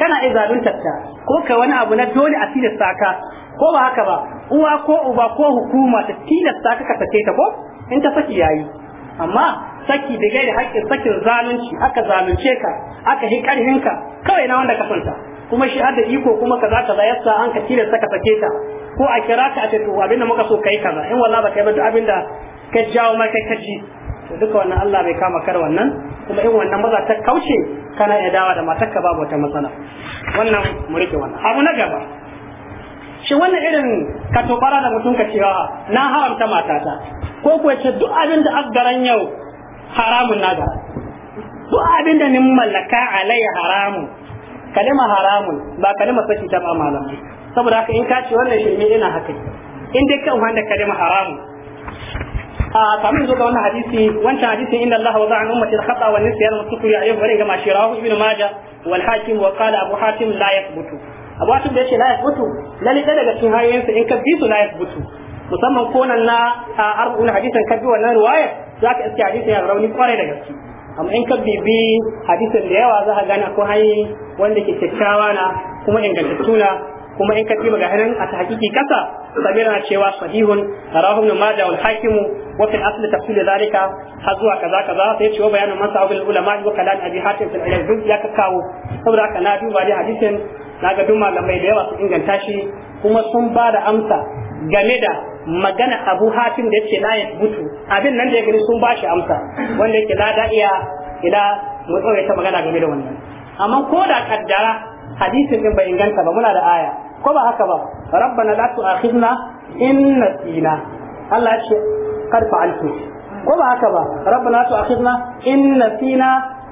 kana iya zaluntar ta ko ka wani abu na dole a tilasta ka ko ba haka ba uwa ko uba ko hukuma ta tilasta ka ka sake ta ko in ta saki yayi amma saki da gairi haƙƙin sakin zalunci aka zalunce ka aka hi ƙarhinka kawai na wanda ka santa kuma shi hada iko kuma kaza kaza yasa an ka tilas saka sake ta ko a kira ka a ce to abinda muka so kai kaza in wallahi ba kai ba duk abinda ka jawo ma kai kaci. to duka wannan Allah bai kama kar wannan kuma in wannan maza ta kauce kana iya dawa da matarka babu wata matsala wannan mu rike wannan abu na gaba shi wannan irin ka tobara da mutum ka cewa na haramta matata ko kuwa ce duk abinda da aggaran yau haramun na ga duk abinda da nin mallaka alayya haramun kalima haramun ba kalima saki ta ba malamai saboda haka in ka ce wannan shirme ina haka in dai kan wanda kalima haramun a kamin zo ga wannan hadisi wancan hadisin inda Allah wa za'an ummati al-khata wa nisyan wa tukri ayyuhu bari ga mashirahu ibn majah wal hakim wa qala abu hatim la yathbutu abu hatim da yace la yathbutu lalle daga cikin hayoyinsa in ka bi su la yathbutu musamman konan na arba'un hadisan ka bi wannan za ka iske hadisin ya rauni kwarai da gaske amma in ka bibi hadisin da yawa za ka gane akwai hanyoyi wanda ke kyakkyawa na kuma ingantattu na kuma in ka tiba ga hanin a tahqiqi kasa sabira na cewa sahihun rawahu ibn majah wal hakim wa fil asl tafsil zalika Ha zuwa kaza kaza sai cewa bayanin masahab ulama wa kalam abi hatim fil ilm ya kawo saboda haka na duba da hadisin ga duk malamai da yawa su inganta shi kuma sun ba da amsa game da magana abu hatim da yake layin butu abin nan da ya gani sun bashi amsa wanda yake la da iya ila mu ta magana game da wannan amma ko da kaddara hadisin din bai inganta ba muna da aya ko ba haka ba rabbana la tu'akhidna in nasina Allah ya ce kar fa'altu ko ba haka ba rabbana tu'akhidna in nasina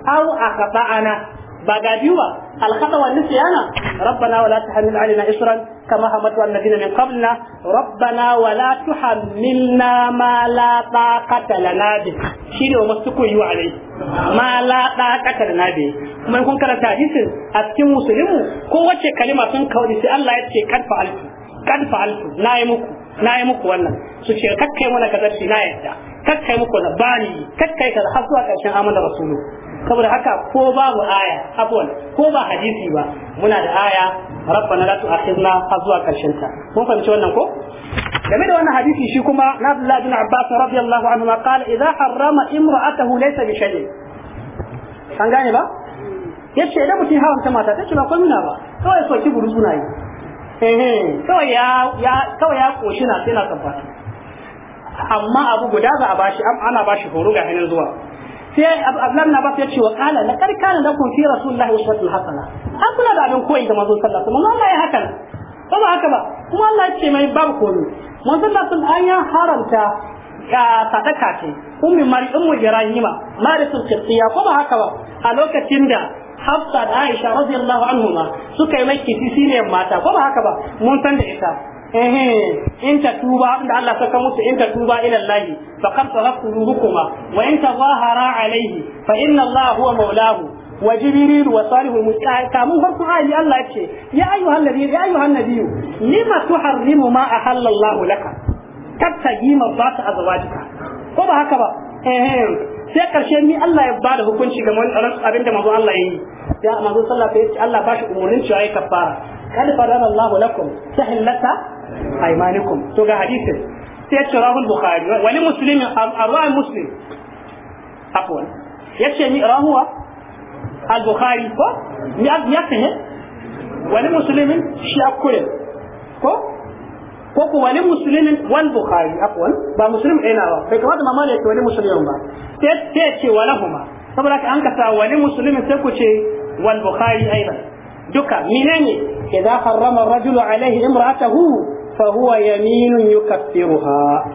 aw akhta'ana ba ga biyu ba alkhata wa nisyana rabbana wala tahmil Alina isran kama hamaltu alladhina min qablina rabbana wala tuhammilna ma la taqata lana bi shine wa koyi wa alai ma la taqata lana bi kuma kun karanta hadisin a cikin musulmi ko wacce kalima sun kauri sai Allah ya ce kad fa'altu kad fa'altu na yi muku na yi muku wannan su ce kakkai mana kaza shi na yadda kakkai muku na bani kakkai kaza har zuwa karshen amana rasulu saboda haka ko babu aya afwan ko ba hadisi ba muna da aya rabbana la tu'akhidna har zuwa karshen ta mun fahimci wannan ko game da wannan hadisi shi kuma na Abdullah bin Abbas radiyallahu anhu ma qala idza harrama imra'atahu laysa bi shay'in an gane ba yace idan mutum ta mata tace ba komai ba kawai soki buru suna yi kawai ya ya kawai ya koshi na sai na tabbata amma abu guda za a bashi ana bashi horo ga hinin zuwa sai Abdullahi na Abbas ya ce wa qala la kad kana lakum fi rasulillahi uswatun hasana an kula da abin koyi ga manzon sallallahu alaihi wasallam Allah ya haka ba ba haka ba kuma Allah ya ce mai babu komai manzon sallallahu alaihi wasallam haramta ga ah, sadaka ce ummi mar'in mu jirahima marisul qibtiyya ko ba haka ba a lokacin da Hafsa da Aisha radiyallahu anhuma suka yi mai kifi ne mata ko ba haka ba mun san da ita Eh, in ta tuba da Allah saka musu in ta tuba ila Allah fa qad saraftuhuma wa in tazahara alayhi fa inna Allah huwa maulahu wa jibril wa salihul mutaqa kamun farko ayi Allah yace ya ayyuhan nabiy ya ayyuhan nabiy lima tuharrimu ma ahalla Allah laka tattagi mabata azwajika ko ba haka ba eh sai karshe ni Allah ya bada hukunci ga wannan abin da manzo Allah yayi ya manzo sallallahu alaihi wasallam Allah bashi umurnin cewa ya kafara kad farada Allahu lakum sahillata aymanikum to ga saboda wani sai duka menene alaihi Fahuwa huwa yaminun yukaffiruha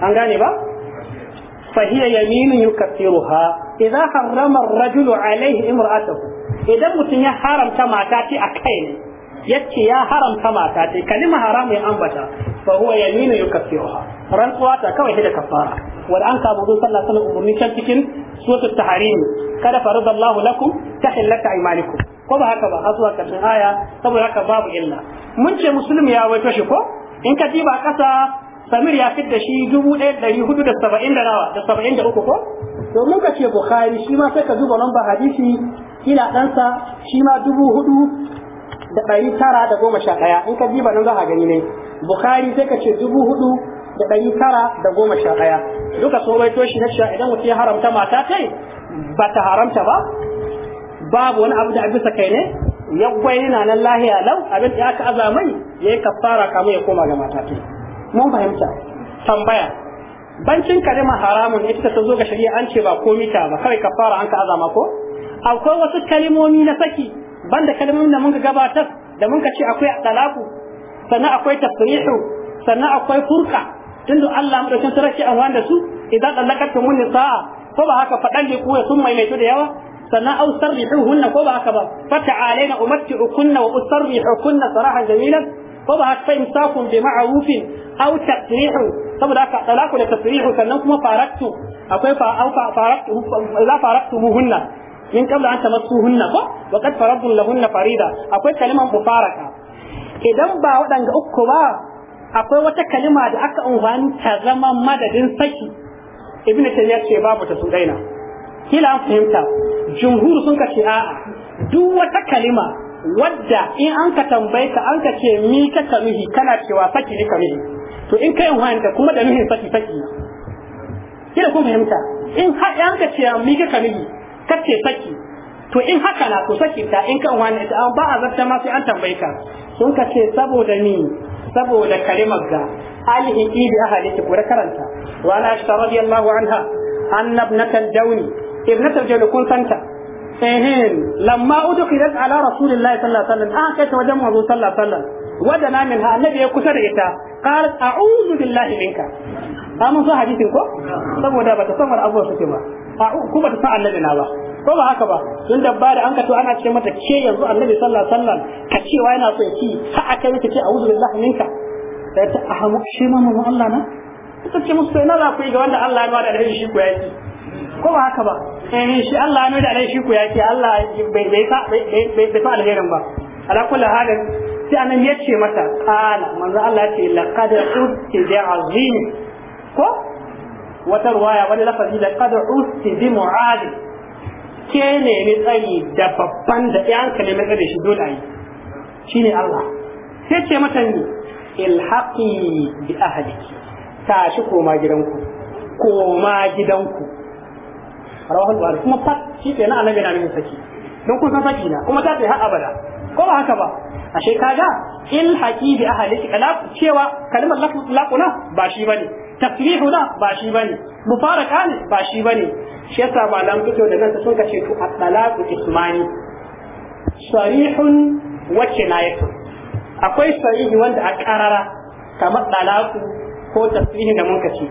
an gane ba fa yaminun yukaffiruha idza harrama rajulu alaihi imra'atahu idan mutum ya haramta mata ce a kai ne yace ya haramta mata ce kalima haramu ya ambata fa huwa yaminu yukaffiruha rantsuwa ta kawai da kafara wal an ka budu sallallahu alaihi wasallam ummin cikin suratul tahrim kada faradallahu lakum tahillata aymanikum ko ba haka ba har zuwa aya saboda haka babu illa mun ce musulmi ya waito shi ko in ka diba kasa samir ya fidda shi dubu ɗaya ɗari hudu da saba'in da nawa da saba'in da uku ko to mun ka ce bukhari shi ma sai ka zuba lamba hadisi ina ɗansa shi ma dubu hudu da ɗari tara da goma sha ɗaya in ka diba nan za a gani ne bukhari sai ka ce dubu hudu da ɗari tara da goma sha ɗaya duka so bai toshi na cewa idan mutum ya haramta mata kai ba ta haramta ba babu wani abu da abisa kai ne ya yana nan lahiya lau abin da aka azamai ya yi kafara kamar ya koma ga mata mun fahimta tambaya bancin kalima haramun ita ta zo ga shari'a an ce ba komi ta ba kawai kafara an ka azama ko akwai wasu kalimomi na saki banda kalimomin da mun gabatar da mun ka ce akwai talaku sannan akwai tafrihu sannan akwai furka tunda Allah mu dauki sarki an wanda su idan dallakatu mun nisaa ko ba haka fadan ne ko sun maimaito da yawa sannan au sarrihuhunna ko ba haka ba fata alaina umatti'ukunna wa usarrihukunna sarahan jamilan ko ba haka fa imsakun bi ma'rufin au tasrihu saboda haka talaku da tasrihu sannan kuma faraktu akwai fa au faraktu la faraktumuhunna min qabla an tamassuhunna ko wa qad faradun lahunna farida akwai kaliman mufaraka idan ba waɗanga uku ba akwai wata kalima da aka unhwani ta zama madadin saki Ibn tayyib ce babu ta su daina kila an fahimta jumhur sun kace a'a duk wata kalima wadda in an ka tambaye ka an ka ce mi ka kanuhi kana cewa faki ni kamihi to in kai wanda kuma da mihin faki faki kila kun fahimta in har an ka ce mi ka kanuhi ka ce faki to in haka na to saki ta in kan wani ita ba a zarta ma sai an tambaye ka sun ka ce saboda ni saboda kalimar ga alihi ibi ahali ki kura karanta wa na shi radiyallahu anha annabnatan dauni ibnatul jawd kun santa ehin lamma udkhilat ala rasulillah sallallahu alaihi wasallam an kai ta wajen manzo sallallahu alaihi wasallam wadana minha annabi ya kusa da ita qalat a'udhu billahi minka ba mun so hadisin ko saboda bata san wani abuwa suke ba kuma bata san annabi na ba ko ba haka ba tun da ba da an kato ana ce mata ke yanzu annabi sallallahu alaihi wasallam ka cewa yana so ya ci har aka yi ce a'udhu billahi minka sai ta ahamu shi ma mu Allah na ta ce musu sai na za ku yi ga wanda Allah ya ba da alheri shi ku yaki ko ba haka ba eh shi Allah ya nuna alai shi ku yake Allah bai bai bai bai fa alherin ba ala kullu halin sai anan yace mata qala manzo Allah ya ce laqad usti bi azim ko wata ruwaya wani lafazi laqad usti bi mu'ad ke ne ni tsayi da babban da yanka ne mai da shi dole ayi shine Allah sai ce mata ni ilhaqi bi ahliki tashi koma gidanku koma gidanku rawahu bukhari kuma fat shi ke na annabi na nufin saki don kun san saki na kuma ta ce har abada ko ba haka ba ashe kaga il haqi bi ahliki kala cewa kalmar laquna ba shi bane tasrihu na ba shi bane mufaraka ne ba shi bane shi yasa malam fito da nan ta sun kace to at-talaqu ismani sarihun wa kinayatun akwai sarihi wanda a karara kamar talaku ko tasrihi da mun kace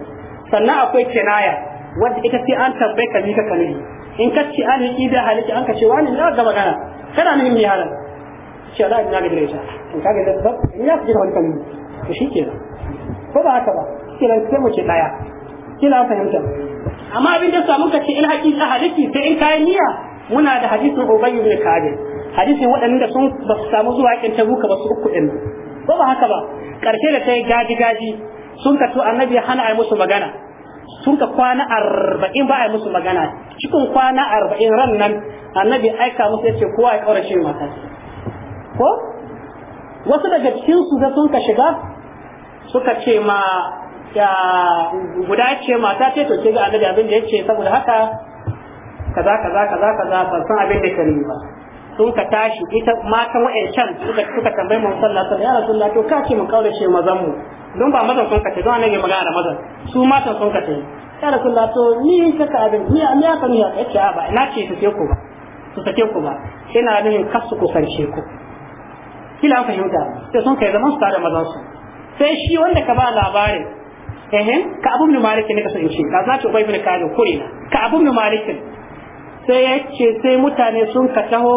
sannan akwai kinaya Wanda ita ce an tambaye ka mika ka nuhi in ka ce an yi da halitta an ka ce wani na ga magana kana nuhin mai halar ce Allah ina ga direta in ka ga da in ya fi wani kalmi to shi ke ko ba haka ba kila sai mu ce daya kila fahimta amma abin da samu ka ce in haƙi ta halitti sai in kayan niyya muna da hadisin Ubay ibn Ka'ab hadisin waɗanda sun ba su samu zuwa yakin Tabuka ba su uku din ko ba haka ba karshe da sai gaji gaji sun kato annabi hana ai musu magana sun ka kwana arba'in ba a yi musu magana cikin kwana arba'in ran nan annabi aika musu yace kowa ya kaura shi mata ko wasu daga cikin su da sun ka shiga suka ce ma ya guda ce mata ce to ke ga annabi abin da yace saboda haka kaza kaza kaza kaza ban san abin da kare ba sun ka tashi ita matan wa'ancan suka suka tambayi mu sallallahu alaihi wasallam ya rasulullah to ka ce mu kaura shi mazan mu don ba mazan sun kace don annabi magana da mazan su matan sun kace ya rasulullah to ni ka abin ni me aka ni miya. ce ba na ce take ku ba su sake ku ba ina nufin kasu ku sarshe ku kila fahimta sai sun kai zaman su tare mazan su sai shi wanda ka ba labarin eh ka abu ibn malik ne ka san shi ka zaci ubay ibn kalib kurina ka abu ibn malik sai ya ce sai mutane sun ka taho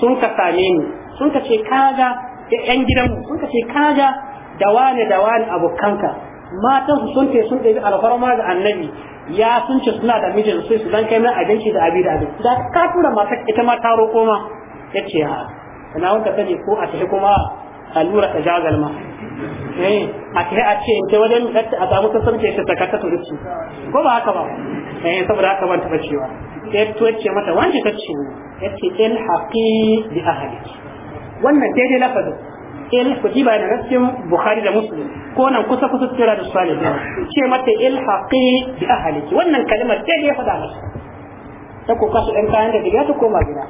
sun ka same ni sun ka ce kaga yan gidan mu, sun ka ce kaga da wane da wane abokanka matan su sun ce sun ɗabi alfarma ga annabi ya sun ce suna da mijin su su dan kai mai abinci da abi da abi da ka tura mata ita ma taro koma ma yace ha ina wanka sani ko a tafi kuma allura ta jagal ma eh a tafi a ce ta wajen da a samu ta ce ta saka ta turici ko ba haka ba eh saboda haka ban taɓa cewa sai to ce mata wani ta ce yace il haqi bi ahlik wannan daidai lafazin il jiba na nassin bukhari da muslim ko nan kusa kusa tsira da salihin ce mata il haqi bi ahliki wannan kalmar ta ne faɗa masa ta ko kasu ɗan kayan da diga ta koma gida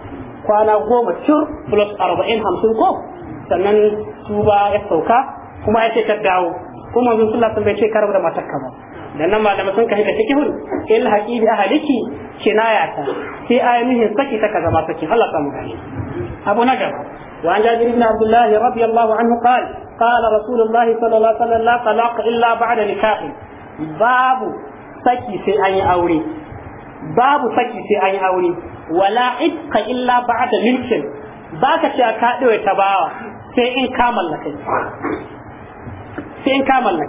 kwana goma tur plus arba'in hamsin ko sannan tuba ya sauka kuma ya ce ta dawo kuma manzon sallallahu alaihi wasallam bai ce karabu da matakka ba dan nan malama sun kashe ta cikin il haqi bi ahliki kinaya ta sai ayyuhin saki ta kaza ma saki Allah ta mu gani abu na gaba وعن جابر بن عبد الله رضي الله عنه قال قال رسول الله صلى الله عليه وسلم لا طلاق الا بعد نكاح باب سكي في اي اوري باب سكي في اي اوري ولا عتق الا بعد ملك باك شيء كادو يتباوى sai ان كامل لك sai ان كامل لك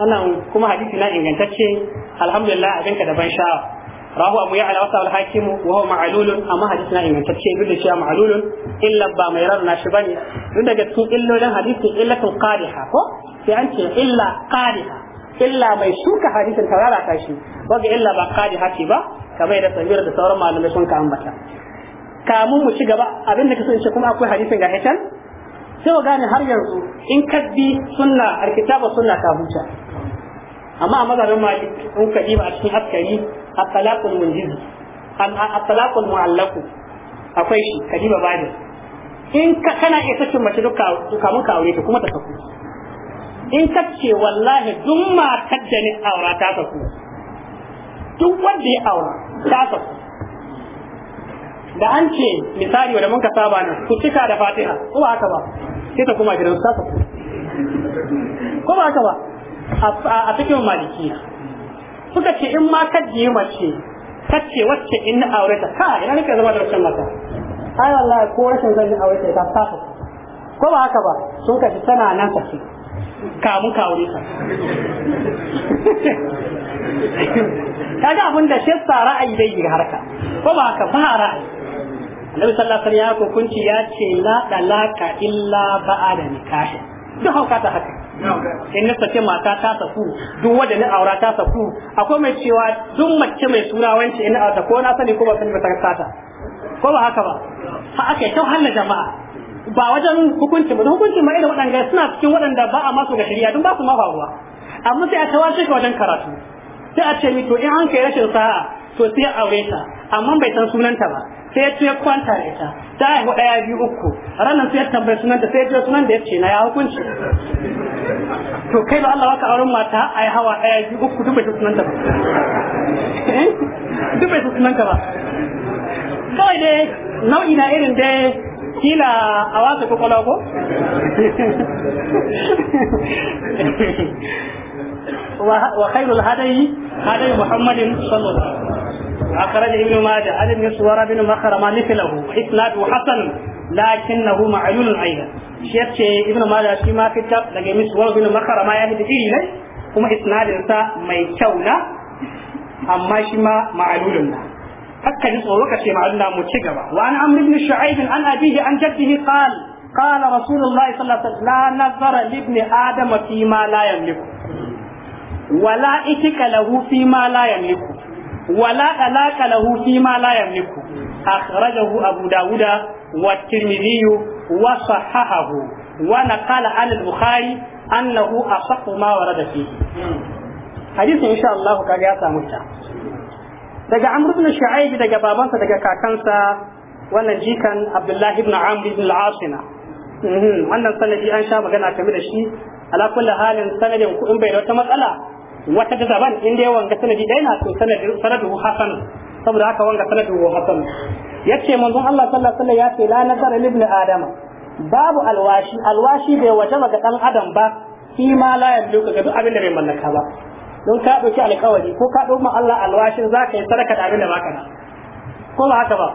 انا kuma hadisi na ingantacce alhamdulillah abinka da ban sha'awa rahu abu ya alawasa al hakimu wa huwa ma'lulun amma hadisi na ingantacce duk da cewa ma'lulun illa ba mai rarna shi bane duk daga cikin illolin hadisi illatul qadiha ko sai an ce illa qadiha illa mai shuka hadisin ta rarata shi waga illa ba qadiha ce ba kamar da sabir da sauran malamai sun ka ambata kamun mu ci gaba abin da kasance kuma akwai hadisin ga hitan sai gane har yanzu in kaddi sunna alkitabu sunna ka huta amma a mazhabin malik in ka ba a cikin askari at-talaqul munjiz at-talaqul mu'allaq akwai shi ka ba bani in ka kana iya sace mace duka mun ka aure ta kuma ta saku in ka ce wallahi duk matar da aura ta saku duk wanda ya aura ta saku da an ce misali wanda mun ka saba nan ku cika da fatiha ko ba haka ba sai ta kuma gidan ta saku ko ba haka ba a cikin malikiya suka ce in ma kaji mace ce wacce in na aure ta ka ina nake zama da wacce mata ai wallahi ko rashin zan aure ta ta tafi ko ba haka ba sun kace tana nan ce, kamun ka aure ta kaga abin da shi sa ra'ayi dai ga harka ko ba haka ba ra'ayi Annabi sallallahu alaihi wasallam ya hukunci ya ce la dalaka illa ba'ada nikah duk hauka ta haka in na sake mata ta saku duk wanda na aura ta saku akwai mai cewa duk mace mai suna wance in aura ko na sani ko ba sani ba ta sata ko ba haka ba ha aka yi halla jama'a ba wajen hukunci ba hukunci mai da wadanda suna cikin waɗanda ba a masu ga shari'a duk ba su ma faruwa amma sai a tawace ka wajen karatu sai a ce mi to in an kai rashin sa'a to sai a aure ta amma bai san sunanta ba sai ya kwanta da ita ta haihu ɗaya biyu uku ranar sai ya tambaye sunan da sai ya sunan da ya ce na ya hukunci to kai ba Allah waka auren mata a yi hawa ɗaya biyu uku duk bai sunan ta ba eh? duk bai sunan ta ba kawai dai nau'i na irin dai kila a wasa kwakwalwa ko wa khairul hadayi hadayi muhammadin sallallahu alaihi أخرج ابن ماجه عن ابن سوار بن مخرم مثله إسناد حسن لكنه معلول أيضا شيخ ابن ماجه شيما كتب لقى ابن سوار بن مخرم يعني بديل له هم إسناد إنسا ميشونا أما شيما معلول حتى نسأل لك شيء معلنا متشقبا وعن عمرو بن شعيب عن أبيه عن جده قال قال رسول الله صلى الله عليه وسلم لا نظر لابن آدم فيما لا يملك ولا إتك له فيما لا يملك wala alaka lahu fi ma la yamliku akhrajahu abu dawuda wa tirmidhi wa sahahahu wa naqala an al-bukhari annahu asahhu ma warada fihi hadisin insha Allah kaga ya samu ta daga Amr ibn Shu'aib daga babansa daga kakansa wannan jikan Abdullah ibn Amr ibn al wannan sanadi an sha magana game da shi ala kulli halin sanadin ku in bai da wata matsala wata da daban in dai wanga sanadi dai na to sanadi sanadu hasan saboda haka wanga sanadu hasan yace manzon Allah sallallahu alaihi wasallam ya ce la nazara ibn adama babu alwashi alwashi bai wata ga dan adam ba shi ma la duka ga duk abin da bai mallaka ba don ka dauki alƙawari ko ka dauki Allah alwashin zaka yi sadaka da abin da baka da ko ba haka ba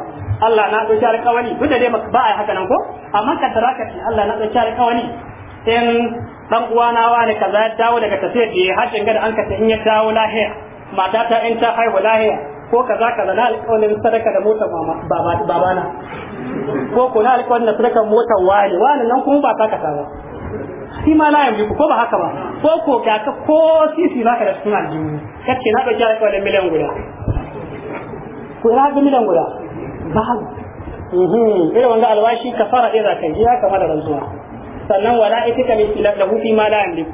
Allah na dauki alƙawari duk da dai ba a haka nan ko amma ka taraka Allah na dauki alƙawari in dan uwana wani kaza ya dawo daga tafiyar da ya hajjin gada an kace in ya dawo lahiya mata ta in ta haihu lahiya ko kaza kaza na alƙawarin sadaka da motar babana ko ko na alƙawarin sadaka motar wani wani nan kuma ba ta kasa ba shi ma na yamliku ko ba haka ba ko ko ka ka ko sisi ba ka da cikin jini kace na dauki alƙawarin miliyan guda ko ya ga miliyan guda Mhm, irin wanga alwashi kafara ɗaya kai ya kama da rantsuwa sannan wala ita kame shi lahu fi ma la yamliku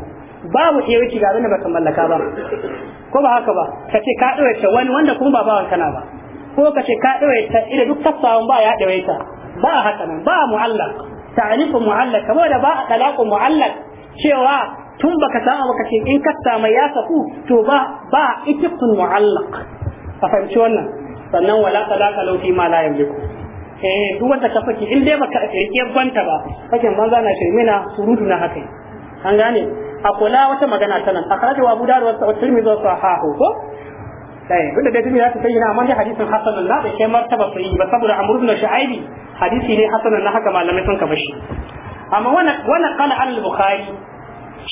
babu kirki ga abin da baka mallaka ba ko ba haka ba kace ka dore ta wani wanda kuma ba bawan kana ba ko kace ka dore ta ida duk kasawan ba ya dore ta ba haka nan ba mu'allaq ta'rifu mu'allaq kamar da ba talaqu mu'allaq cewa tun baka samu baka ce in kasta mai ya safu to ba ba itifun mu'allaq a fahimci wannan sannan wala talaka lau fi ma la yamliku eh duk wanda ka faki in dai baka rike banta ba fakin banza na kirmina surutu na haka an gane a kula wata magana ta nan akhrajahu abu dawud wa sa wa sahahu ko dai eh, duk da dai tirmidhi yi na amma dai hadisin hasan na da kai martaba sai ba saboda amr ibn shu'aibi hadisi ne hasan na haka malamai sun ka bashi amma wannan wannan qala al-bukhari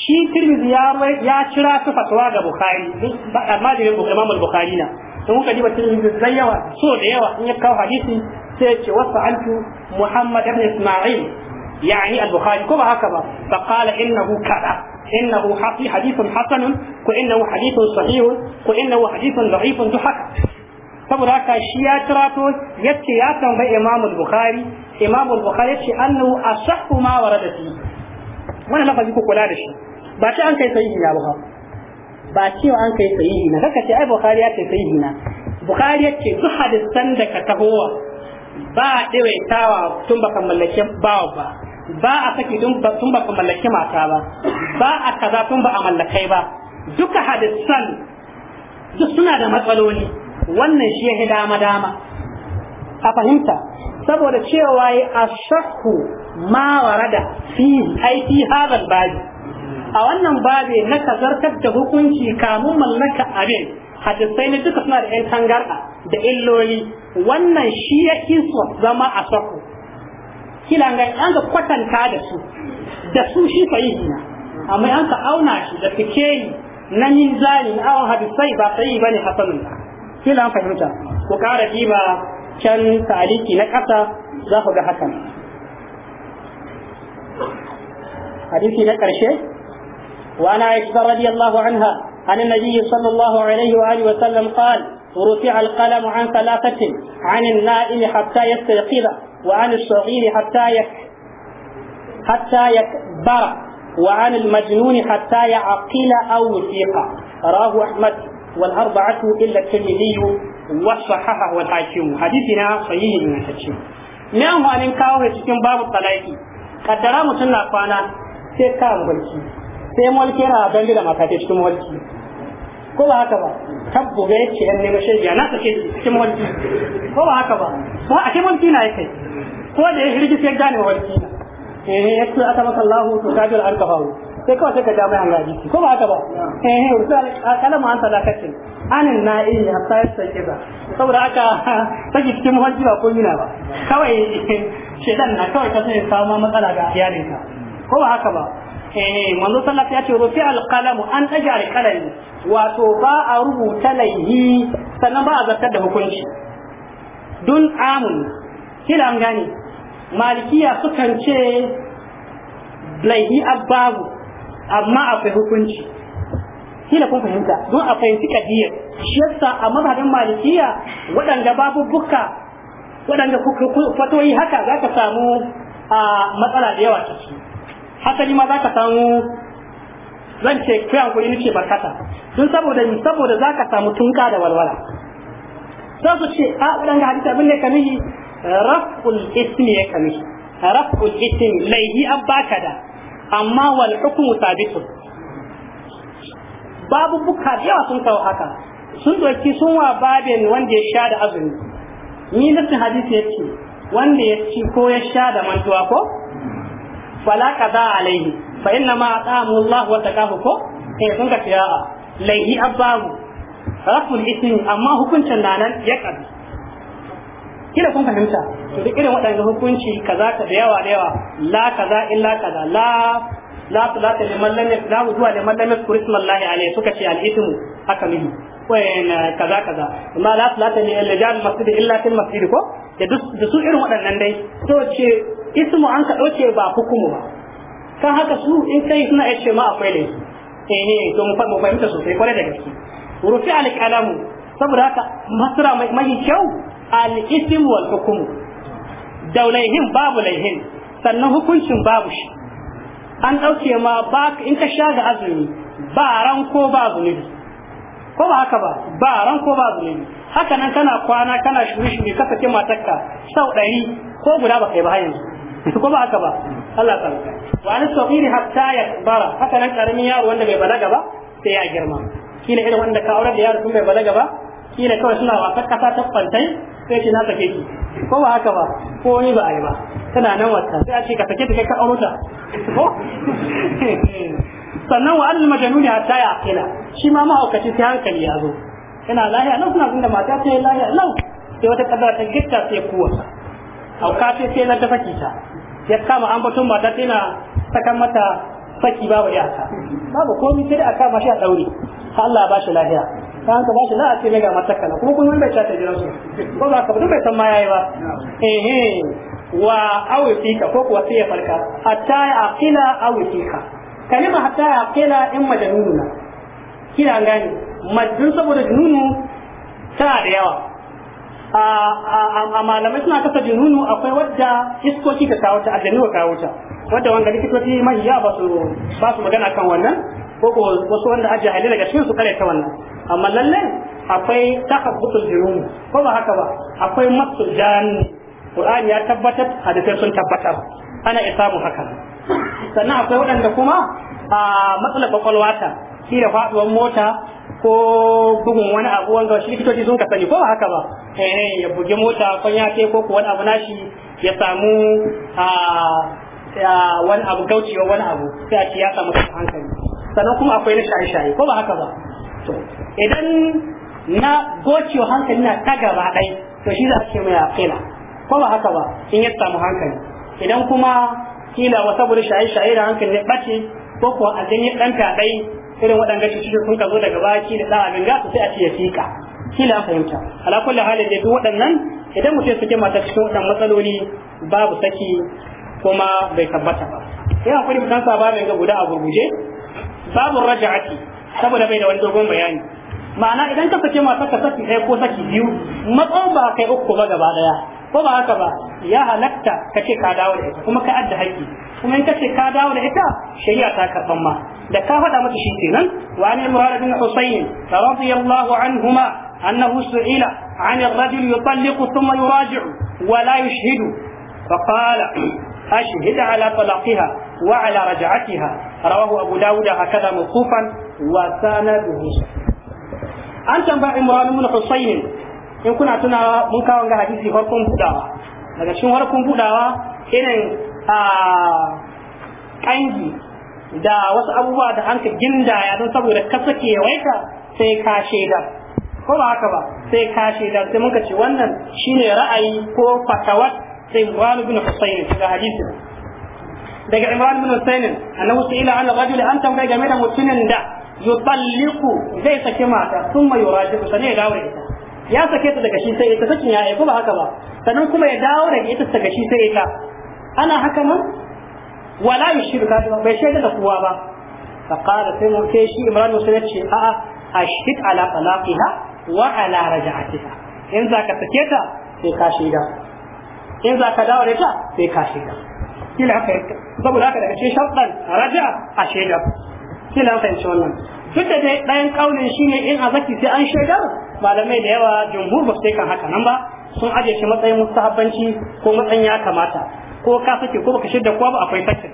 shi tirmidhi ya ya cira su fatwa ga bukhari ba amma da imam al-bukhari na sun kuka ba tirmidhi zai yawa so da yawa in ya kawo hadisi sai ce wasu antu muhammad ibn isma'il yani al-bukhari ko ba haka ba fa qala innahu kada innahu hafi hadithun hasanun ko innahu hadithun sahihun ko innahu hadithun da'ifun duk haka saboda haka shi ya tirato yace ya tambayi imamu al-bukhari imamu al-bukhari yace annahu asahhu ma warada fi wannan lafazi ku kula da shi ba ta an kai sahihi na ba ba cewa an kai sahihi na kaka ce ai bukhari ya kai sahihi na bukhari yace duk hadisan da ka tahowa ba a ɗewaitawa tun baka mallake bawa ba ba a saki tun baka mallake mata ba ba a kaza tun ba a mallakai ba duka hadisan duk suna da matsaloli wannan shi ya dama dama a fahimta saboda cewa ya shakku ma warada fi aiki hadal babi a wannan babi na kazartar da hukunci kamun mallaka abin hadisai ne duka suna da yan tangarɗa da illoli wannan shi ya kiso zama a sako kila ga an ga kwatanta da su da su shi sahihi na amma an ka auna shi da yi na yin zani na awon hadisai ba ba ne hasanun kila an fahimta ku kara diba can taliki na ƙasa za ku ga hakan hadisi na karshe وعن عائشة رضي الله عنها عن النبي صلى الله عليه وآله وسلم قال رفع القلم عن ثلاثة عن النائم حتى يستيقظ وعن الصغير حتى يك حتى يكبر وعن المجنون حتى يعقل أو يفيق رواه أحمد والأربعة إلا الترمذي وصححه الحاكم حديثنا صحيح من الحاكم نعم أن كاوه cikin babu talaki kaddara mutum na kwana sai ka mulki sai mulki yana dangi da matakai cikin mulki ko ba haka ba tabbo ga yake yan neman shirya na sake cikin walki ko ba haka ba ko a cikin walki na yake ko da ya hirgis ya gane walki na eh ya ce aka maka Allah to kajul an sai kawai sai ka ja mai an gaji ko ba haka ba eh usul kalama an sadakatin anin na'i ya sai sai kiza saboda aka sai cikin walki ba ko yana ba kawai shedan na kawai ka sai samu matsala ga iyalinka ko ba haka ba eh manzo sallallahu alaihi wasallam ya ce rufi alqalamu an daga alqalami wato ba a rubuta laihi sannan ba a zartar da hukunci dun amun kila an gane malikiya sukan ce laihi ababu amma akwai hukunci kila kun fahimta don a fahimci kadiyar shi yasa a mazhabin malikiya waɗanda babu bukka waɗanda fatoyi haka za ka samu a matsala da yawa ciki hasali ma za ka samu zan ce kai hankuri nake barkata don saboda saboda za ka samu tunka da walwala sai su ce a ah, ga hadisi abin ne da kamihi raf'ul ismi ya kamihi raf'ul ismi laihi abaka da amma wal hukmu sabitun babu buka da yawa sun kawo haka sun doki sun wa babin wanda ya sha da azumi ni nasin hadisi ya ce wanda ya ci ko ya sha da mantuwa ko fala kaza alaihi fa inna ma ata'amu Allah wa takahu ko eh sun ka tiya laihi abbamu raful ismi amma hukuncin nanan ya kabi kina kun fahimta to duk irin waɗannan hukunci kaza ka da yawa da yawa la kaza illa kaza la zuwa liman al-ismu haka mihi kaza kaza amma la salata li al-rijal masjid illa fil masjid ko da da irin waɗannan dai to ce ismu an ka dauke ba hukumu ba kan haka su in kai suna yace ma akwai laifi eh eh to mu mu fahimta sosai kwarai da gaske rufi al-kalamu saboda haka masra mai kyau al-ism wal hukumu daulaihin babu sannan hukuncin babu shi an ɗauke ma ba in ka sha ga azumi ba ran ko ba zunubi ko ba haka ba ba ran ko ba zunubi haka nan kana kwana kana shuri-shuri ka sake matarka sau ɗari ko guda ba kai ba yanzu ko ba haka ba Allah ta rubuta wa an sabiri hatta ya bara haka nan karamin yaro wanda bai balaga ba sai ya girma kila irin wanda ka aure da yaro sun bai balaga ba kila kawai suna wa kasa ta tabbantai sai ki na take ki ko ba haka ba ko ni ba a yi ba tana nan wata sai a ce ka take ta kai ka aure ta ko sannan wa annal ya hatta yaqila shi ma mahaukaci sai hankali ya zo yana lahiya lau suna gunda mata sai lahiya lau sai wata kaza ta gitta sai kuwa. auka ce sai na ta saki ta ya kama an batun mata tana sakan mata saki babu iyaka babu komai sai a aka mashi a daure Allah ya bashi lahiya Sai hanka bashi lahiya la'a ce ga mata na kuma kullum bai ta ta su. ko ba ka bai san ma yayi ba eh eh wa awifika ko kuwa sai ya farka hatta ya aqila awifika kalima hatta ya kila in majanunu na kina gani majnun saboda jununu tana da yawa a malamai suna kasa jununu akwai wadda iskoki ka kawo ta aljanu wa kawo ta wadda wanda likitoci mahiya ba ba su magana kan wannan ko ko wasu wanda a hali daga cikin su kare ta wannan amma lalle akwai takabbutul junun ko ba haka ba akwai masul Qur'ani ya tabbatar hadisai sun tabbatar ana isamu haka sannan akwai waɗanda kuma a matsalar kwakwalwa ta shi da faɗuwar mota ko bugun wani abu wanga shi likitoci sun ka sani ko ba haka ba eh ya buge mota kwan ya kai ko ko wani abu nashi ya samu a wani abu gaucewa wani abu sai a ce ya samu hankali sannan kuma akwai na shaye-shaye ko ba haka ba to idan na gocewa hankali na ta gaba ɗai to shi za a ce mai a ko ba haka ba in ya samu hankali idan kuma kila wa saboda shaye-shaye da hankali ne bace ko kuwa a janye dan kadai irin waɗanda shi cikin sun ka zo daga baki da ɗan ganga gasu sai a ce ya fika kila fahimta ala kulli halin da duk waɗannan idan mutum suke mata cikin waɗannan matsaloli babu saki kuma bai tabbata ba sai hakuri mutan sa ba ga guda a gurguje babu raja'ati saboda bai da wani dogon bayani ma'ana idan ka sake mata saki ɗaya ko saki biyu matsayin ba kai uku ba gaba ɗaya ko ba haka ba ya halatta ka ce ka dawo da ita kuma ka adda haƙƙi kuma in ka ce ka dawo da ita shari'a ta karɓan ma da ka faɗa mata shi kenan wa an imran bin husayn radiyallahu anhuma annahu su'ila an ar-rajul yutalliqu thumma yuraji'u wa la yushhidu فقال أشهد على طلاقها وعلى رجعتها رواه أبو داود هكذا موقوفا وسنده أنت بقى إمران بن حسين in kuna tunawa mun kawo ga hadisi farkon budawa daga cikin farkon budawa irin a kangi da wasu abubuwa da an ka gindaya don saboda ka sake waita sai ka shaida ko ba haka ba sai ka shaida sai muka ce wannan shine ra'ayi ko fatawat sai Imran ibn Husayn daga hadisi daga Imran ibn Husayn annahu sai ila an rajul an tambaye game da mutumin da yutalliqu zai saki mata thumma yuraji'u sai ya dawo ita ya sake ta daga shi sai ita sakin ya ko ba haka ba sannan kuma ya dawo daga ita daga shi sai ita ana haka nan wala ba bai shaida da kowa ba fa qala sai mun sai shi imran musa yace a a ashhid ala talaqiha wa ala raj'atiha in za ka sake ta sai ka shaida in za ka dawo da ita sai ka shaida kila haka saboda haka daga cikin sharɗan raja'a a shaida kila haka ci wannan duk dai ɗayan ƙaunin shine in a zaki sai an shaidar malamai da yawa jumhur ba kan haka nan ba sun ajiye shi matsayin mustahabbanci ko matsayin ya kamata ko ka sake ko baka shidda kowa ba akwai sakin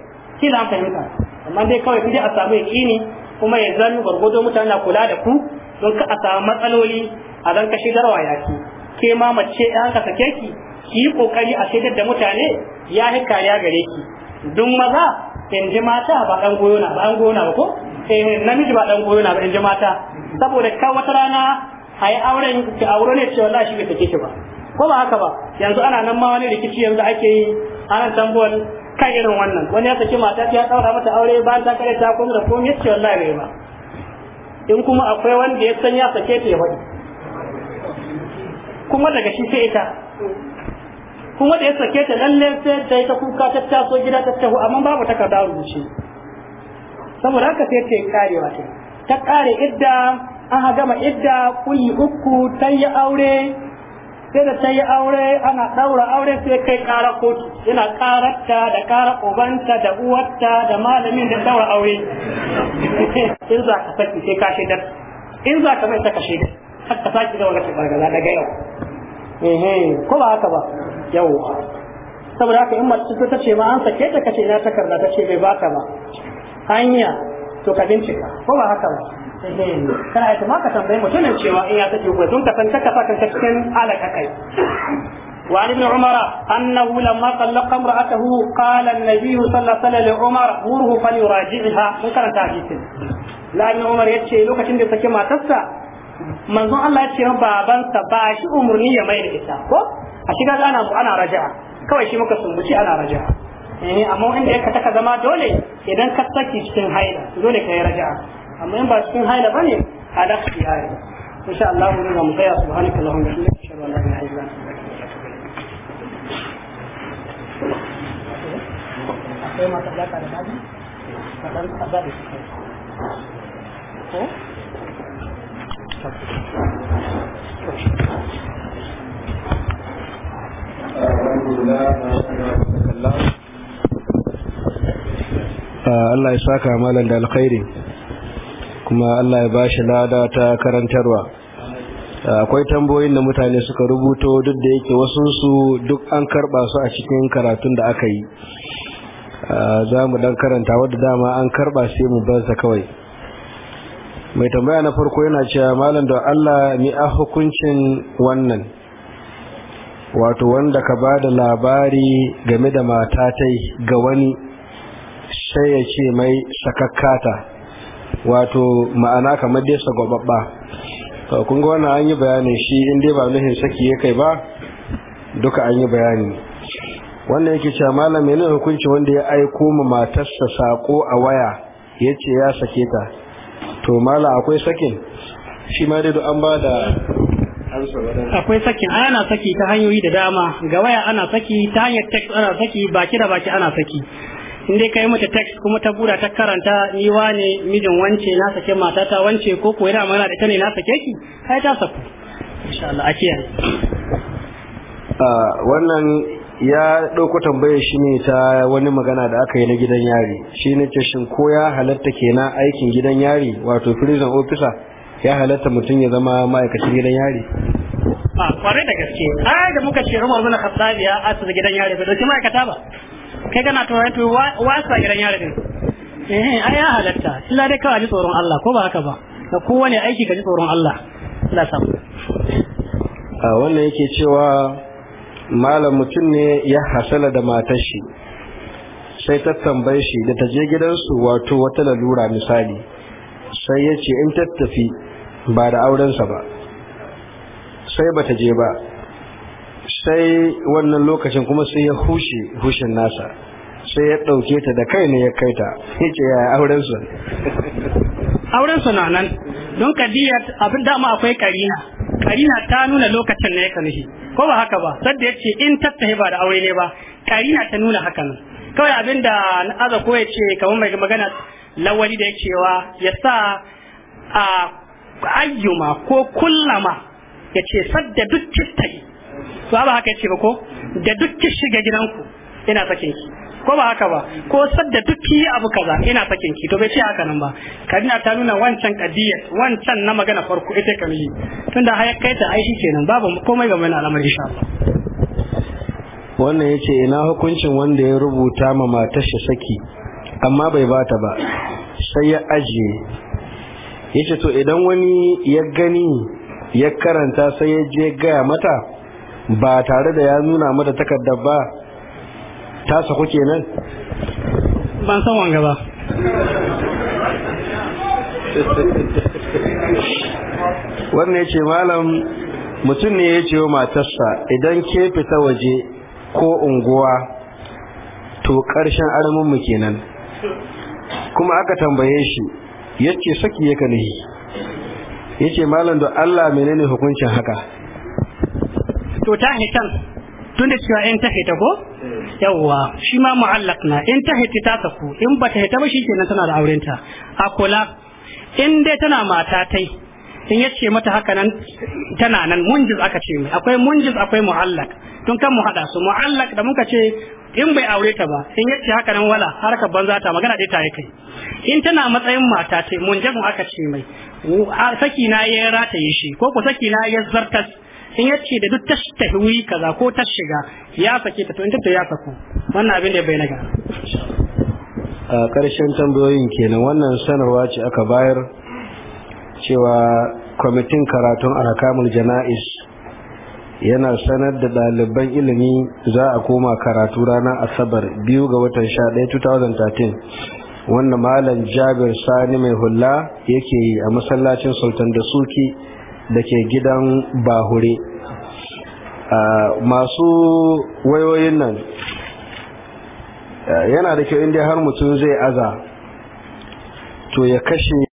da an fahimta amma dai kawai kuje a samu yaƙini kuma ya zan gwargwado mutane kula da ku don ka a samu matsaloli a zan ka shaidarwa yaki ke ma mace ɗan ka sake ki ki yi kokari a shaidar da mutane ya hikaya kariya gare ki dun maza in ji mata ba ɗan goyo na ba ɗan goyo na ba ko eh namiji ba ɗan goyo na ba in ji mata saboda ka wata rana a yi auren ki auro ne ce wallahi shi bai sake ki ba ko ba haka ba yanzu ana nan ma wani rikici yanzu ake yi ana tambuwar kan irin wannan wani ya saki mata ya ɗaura mata aure bayan ta kare ta komai da komai ce wallahi bai ba in kuma akwai wanda ya san ya sake ta ya faɗi kuma daga shi sai ita kuma da ya sake ta lalle sai da ita kuka ta taso gida ta taho amma babu takarda rubuce saboda haka sai ta yi wata ta ta kare idda an gama idda kuyi uku ta yi aure sai da ta yi aure ana ɗaura aure sai kai ƙara kotu yana karatta da ƙara ubanta da uwarta da malamin da daura aure in za ka saki sai ka shaidar in za ka mai saka shaidar har ka saki da wani tabargala daga yau ko ba haka ba yawwa saboda haka in mace ta ce ma an sake ta kace ina takarda ta ce bai baka ba hanya to ka bincika ko ba haka ba kana ita ma ka tambayi mutumin cewa in ya take ko don ka san ka saka cikin alaka kai وعن ابن عمر أنه لما طلق امرأته قال النبي صلى الله عليه وسلم لعمر مره فليراجعها من كان تعجيز لا ابن عمر يتشي لو كتن بسكي ما تسا منظر الله يتشي ربا بنسا باشي أمرني يمين إسا a shiga ana ana raja'a kawai shi muka sumbuci ana raja'a eh amma inda ta ka zama dole idan ka saki cikin haila dole ka yi raja'a amma in ba cikin haila bane ala khiyari insha Allah mun ga mutaya subhanaka allahumma wa bihamdika
ashhadu an la ilaha illa anta akwai masu alaƙa da baji a
Ah, Allah ya saka malam da alkhairi kuma Allah ya bashi lada ta karantarwa ah, akwai tambayoyin da mutane suka rubuto duk da yake wasu su duk an karba su a cikin karatun da aka yi ah, za mu dan karanta wadda dama an karba sai mu bar kawai mai tambaya na farko yana cewa malam da Allah ni a hukuncin wannan wato wanda ka ba da labari game da matatai ga wani sai ya ce mai sakakkata wato ma'ana kamar dai sagwababba kun ga wannan an yi bayanin shi in dai ba nuhin saki ya kai ba duka an yi bayani wannan yake cewa malam ne hukunci wanda ya aiko ma matarsa sako a waya ya ce ya sake ta to malam akwai sakin shi ma dai an ba da
akwai sakin ana saki ta hanyoyi da dama ga waya ana saki ta hanyar text ana saki baki da baki ana saki in dai kai mata text kuma ta buda ta karanta ni wane mijin wance na sake mata ta wance ko ko yana magana da ita ne na sake ki kai ta saku
insha Allah akiya
wannan ya ɗauko tambayar shi ne ta wani magana da aka yi na gidan yari shi ne ce shin ko ya halatta kenan aikin gidan yari wato prison officer ya halatta mutum ya zama ma'aikacin gidan yari a
kwarai da gaske ai da muka ce Umar bin Khattab ya asasa gidan yari ba dauki ma'aikata ba kai gana to wato wasa gidan yari din eh ai ya halatta la dai kawai ji tsoron Allah ko ba haka ba da kowane aiki ka ji tsoron Allah Allah sa
a wannan yake cewa malam mutum ne ya hasala da matar shi sai ta tambaye shi da ta je gidansu wato wata lalura misali sai ya ce in tattafi ba da aurensa ba sai bata je ba sai wannan lokacin kuma sai ya hushe hushin nasa sai ya ɗauke ta da kai ne ya kai ta yaya aurensu
aurensu na nan don kadiyar abin dama akwai karina karina ta nuna lokacin na ya kanuhi ko ba haka ba sadda ya ce in tattahi ba da aure ne ba karina ta nuna hakan kawai abin da aza ko ya ce kamar mai magana lawali da ya cewa ya sa a ayyuma ko kullama ya ce sadda duk kistai to ba haka yace ba ko da duk shiga gidanku ina sakin ki ko ba haka ba ko sadda duk ki abu kaza ina sakin ki to bai ce haka nan ba kadina ta nuna wancan kadiyya wancan na magana farko ita yi tunda har kai ta aishi kenan babu komai ga mai al'amari insha Allah
wannan yace ina hukuncin wanda ya rubuta ma matar shi saki amma bai bata ba sai ya ajiye yace to idan wani ya gani ya karanta sai ya je gaya mata ba tare da ya nuna mata takardar ba ta saku kenan ban san wanga ba wannan yace malam mutum ne ya ce matarsa idan ke fita waje ko unguwa to ƙarshen mu kenan kuma aka tambaye shi yace saki yake nahi yace malam don Allah menene hukuncin haka
to ta hitan tunda cewa in ta hita ko yawwa shi ma mu'allaq na in ta hita ta tafu in ba ta hita ba shikenan tana da aurenta a kula in dai tana mata tai in yace mata haka nan tana nan munjiz aka ce mai akwai munjiz akwai mu'allaq tun kan mu hada su mu'allaq da muka ce in bai aure ta ba in yace haka nan wala harka banza ta magana dai ta yi kai in tana matsayin mata ce munjabun aka ce mai saki na ya rataye shi ko ku saki na ya zartas in ya ce da duk ta tahwi kaza ko ta shiga ya sake ta to in ta ya saku wannan abin da bai
naga
a ƙarshen tambayoyin kenan wannan sanarwa ce aka bayar cewa kwamitin karatun alkamul jana'is yana sanar da ɗaliban ilimi za a koma karatu ranar asabar biyu ga watan 11 2013 wanda malam jabir sani mai hula yake yi a masallacin sultan da suki da ke gidan bahure masu wayoyin nan yana da kyau inda har mutum zai aza to ya kashe